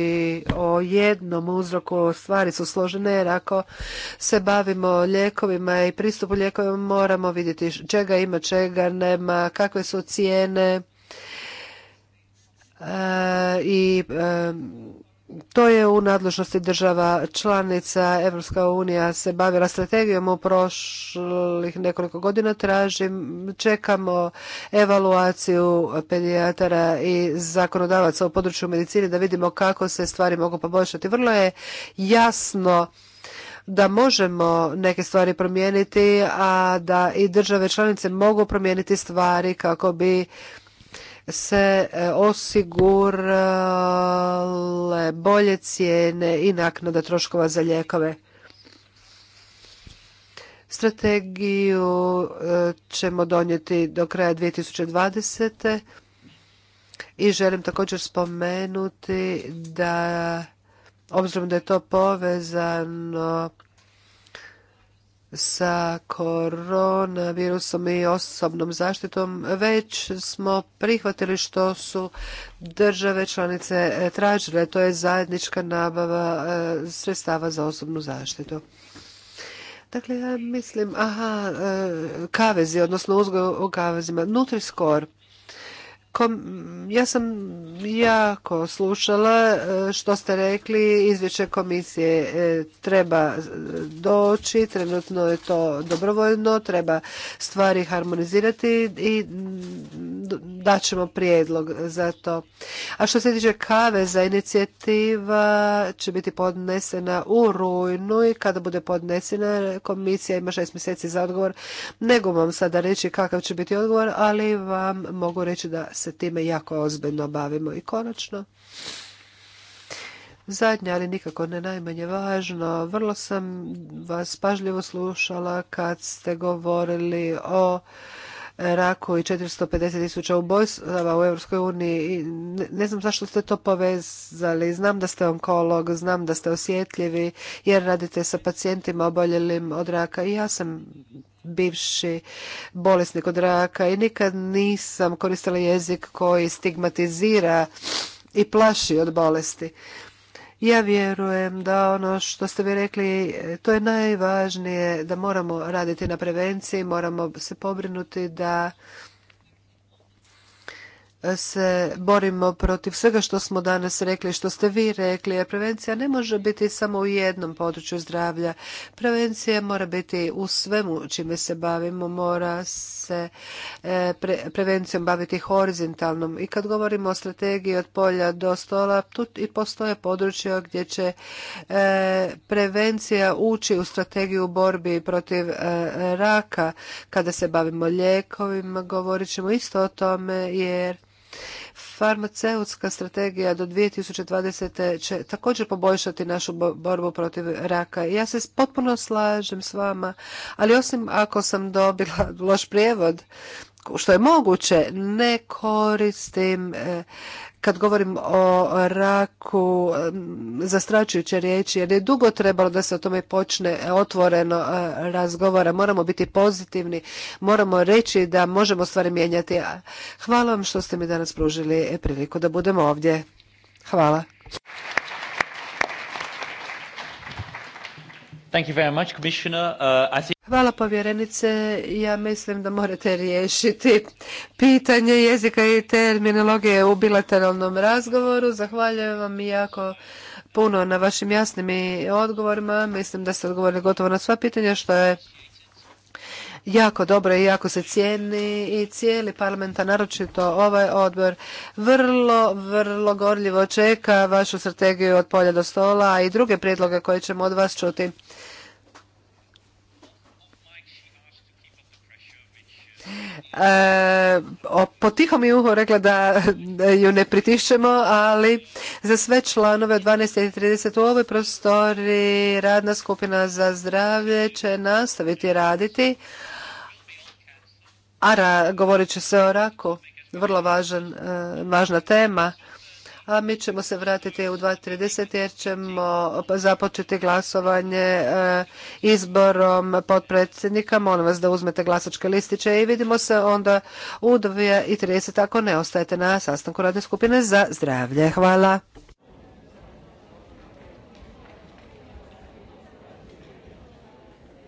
o jednom uzroku, stvari su složene jer ako se bavimo lijekovima i pristupu lijekovima moramo vidjeti čega ima, čega nema, kakve su cijene e, i e, to je u nadležnosti država članica. Evropska unija se bavila strategijom u prošlih nekoliko godina. Tražim, čekamo evaluaciju pedijatara i zakonodavaca u području medicine da vidimo kako se stvari mogu poboljšati. Vrlo je jasno da možemo neke stvari promijeniti, a da i države članice mogu promijeniti stvari kako bi se e, osigurale bolje cijene i naknada troškova za lijekove. Strategiju e, ćemo donijeti do kraja 2020. I želim također spomenuti da, obzirom da je to povezano sa koronavirusom i osobnom zaštitom već smo prihvatili što su države članice e, tražile, to je zajednička nabava e, sredstava za osobnu zaštitu. Dakle, ja mislim, aha, e, kavezi, odnosno uzgoj u kavezima, nutri ja sam jako slušala e, što ste rekli, izvješće komisije e, treba doći, trenutno je to dobrovoljno, treba stvari harmonizirati i mm, daćemo prijedlog za to. A što se tiče kave za inicijativa će biti podnesena u rujnu i kada bude podnesena komisija ima šest mjeseci za odgovor. Nego vam sada reći kakav će biti odgovor, ali vam mogu reći da se time jako ozbiljno bavimo. I konačno, zadnja, ali nikako ne najmanje važno, vrlo sam vas pažljivo slušala kad ste govorili o raku i 450 tisuća ubojstava u Europskoj uniji. Ne znam zašto ste to povezali. Znam da ste onkolog, znam da ste osjetljivi jer radite sa pacijentima oboljelim od raka i ja sam bivši bolesnik od raka i nikad nisam koristila jezik koji stigmatizira i plaši od bolesti. Ja vjerujem da ono što ste vi rekli, to je najvažnije, da moramo raditi na prevenciji, moramo se pobrinuti da se borimo protiv svega što smo danas rekli, što ste vi rekli, jer prevencija ne može biti samo u jednom području zdravlja. Prevencija mora biti u svemu čime se bavimo, mora se e, prevencijom baviti horizontalnom. I kad govorimo o strategiji od polja do stola, tu i postoje područje gdje će e, prevencija ući u strategiju borbi protiv e, raka. Kada se bavimo lijekovima, govorit ćemo isto o tome jer Farmaceutska strategija do 2020. će također poboljšati našu borbu protiv raka. Ja se potpuno slažem s vama, ali osim ako sam dobila loš prijevod, što je moguće ne koristim e, kad govorim o raku zastračujuće riječi jer je dugo trebalo da se o tome počne otvoreno e, razgovara. Moramo biti pozitivni, moramo reći da možemo stvari mijenjati. Hvala vam što ste mi danas pružili priliku da budemo ovdje. Hvala. Uh, Hvala povjerenice. Ja mislim da morate riješiti pitanje jezika i terminologije u bilateralnom razgovoru. Zahvaljujem vam jako puno na vašim jasnim odgovorima. Mislim da ste odgovorili gotovo na sva pitanja što je jako dobro i jako se cijeni i cijeli parlament, a naročito ovaj odbor, vrlo, vrlo gorljivo čeka vašu strategiju od polja do stola i druge prijedloge koje ćemo od vas čuti. tihom i uho rekla da ju ne pritišćemo, ali za sve članove od 12.30 u ovoj prostori radna skupina za zdravlje će nastaviti raditi, a govorit će se o raku, vrlo e, važna tema a mi ćemo se vratiti u 2.30 jer ćemo započeti glasovanje e, izborom potpredsjednika. Molim vas da uzmete glasačke listiće i vidimo se onda u 2.30 ako ne ostajete na sastanku radne skupine za zdravlje. Hvala.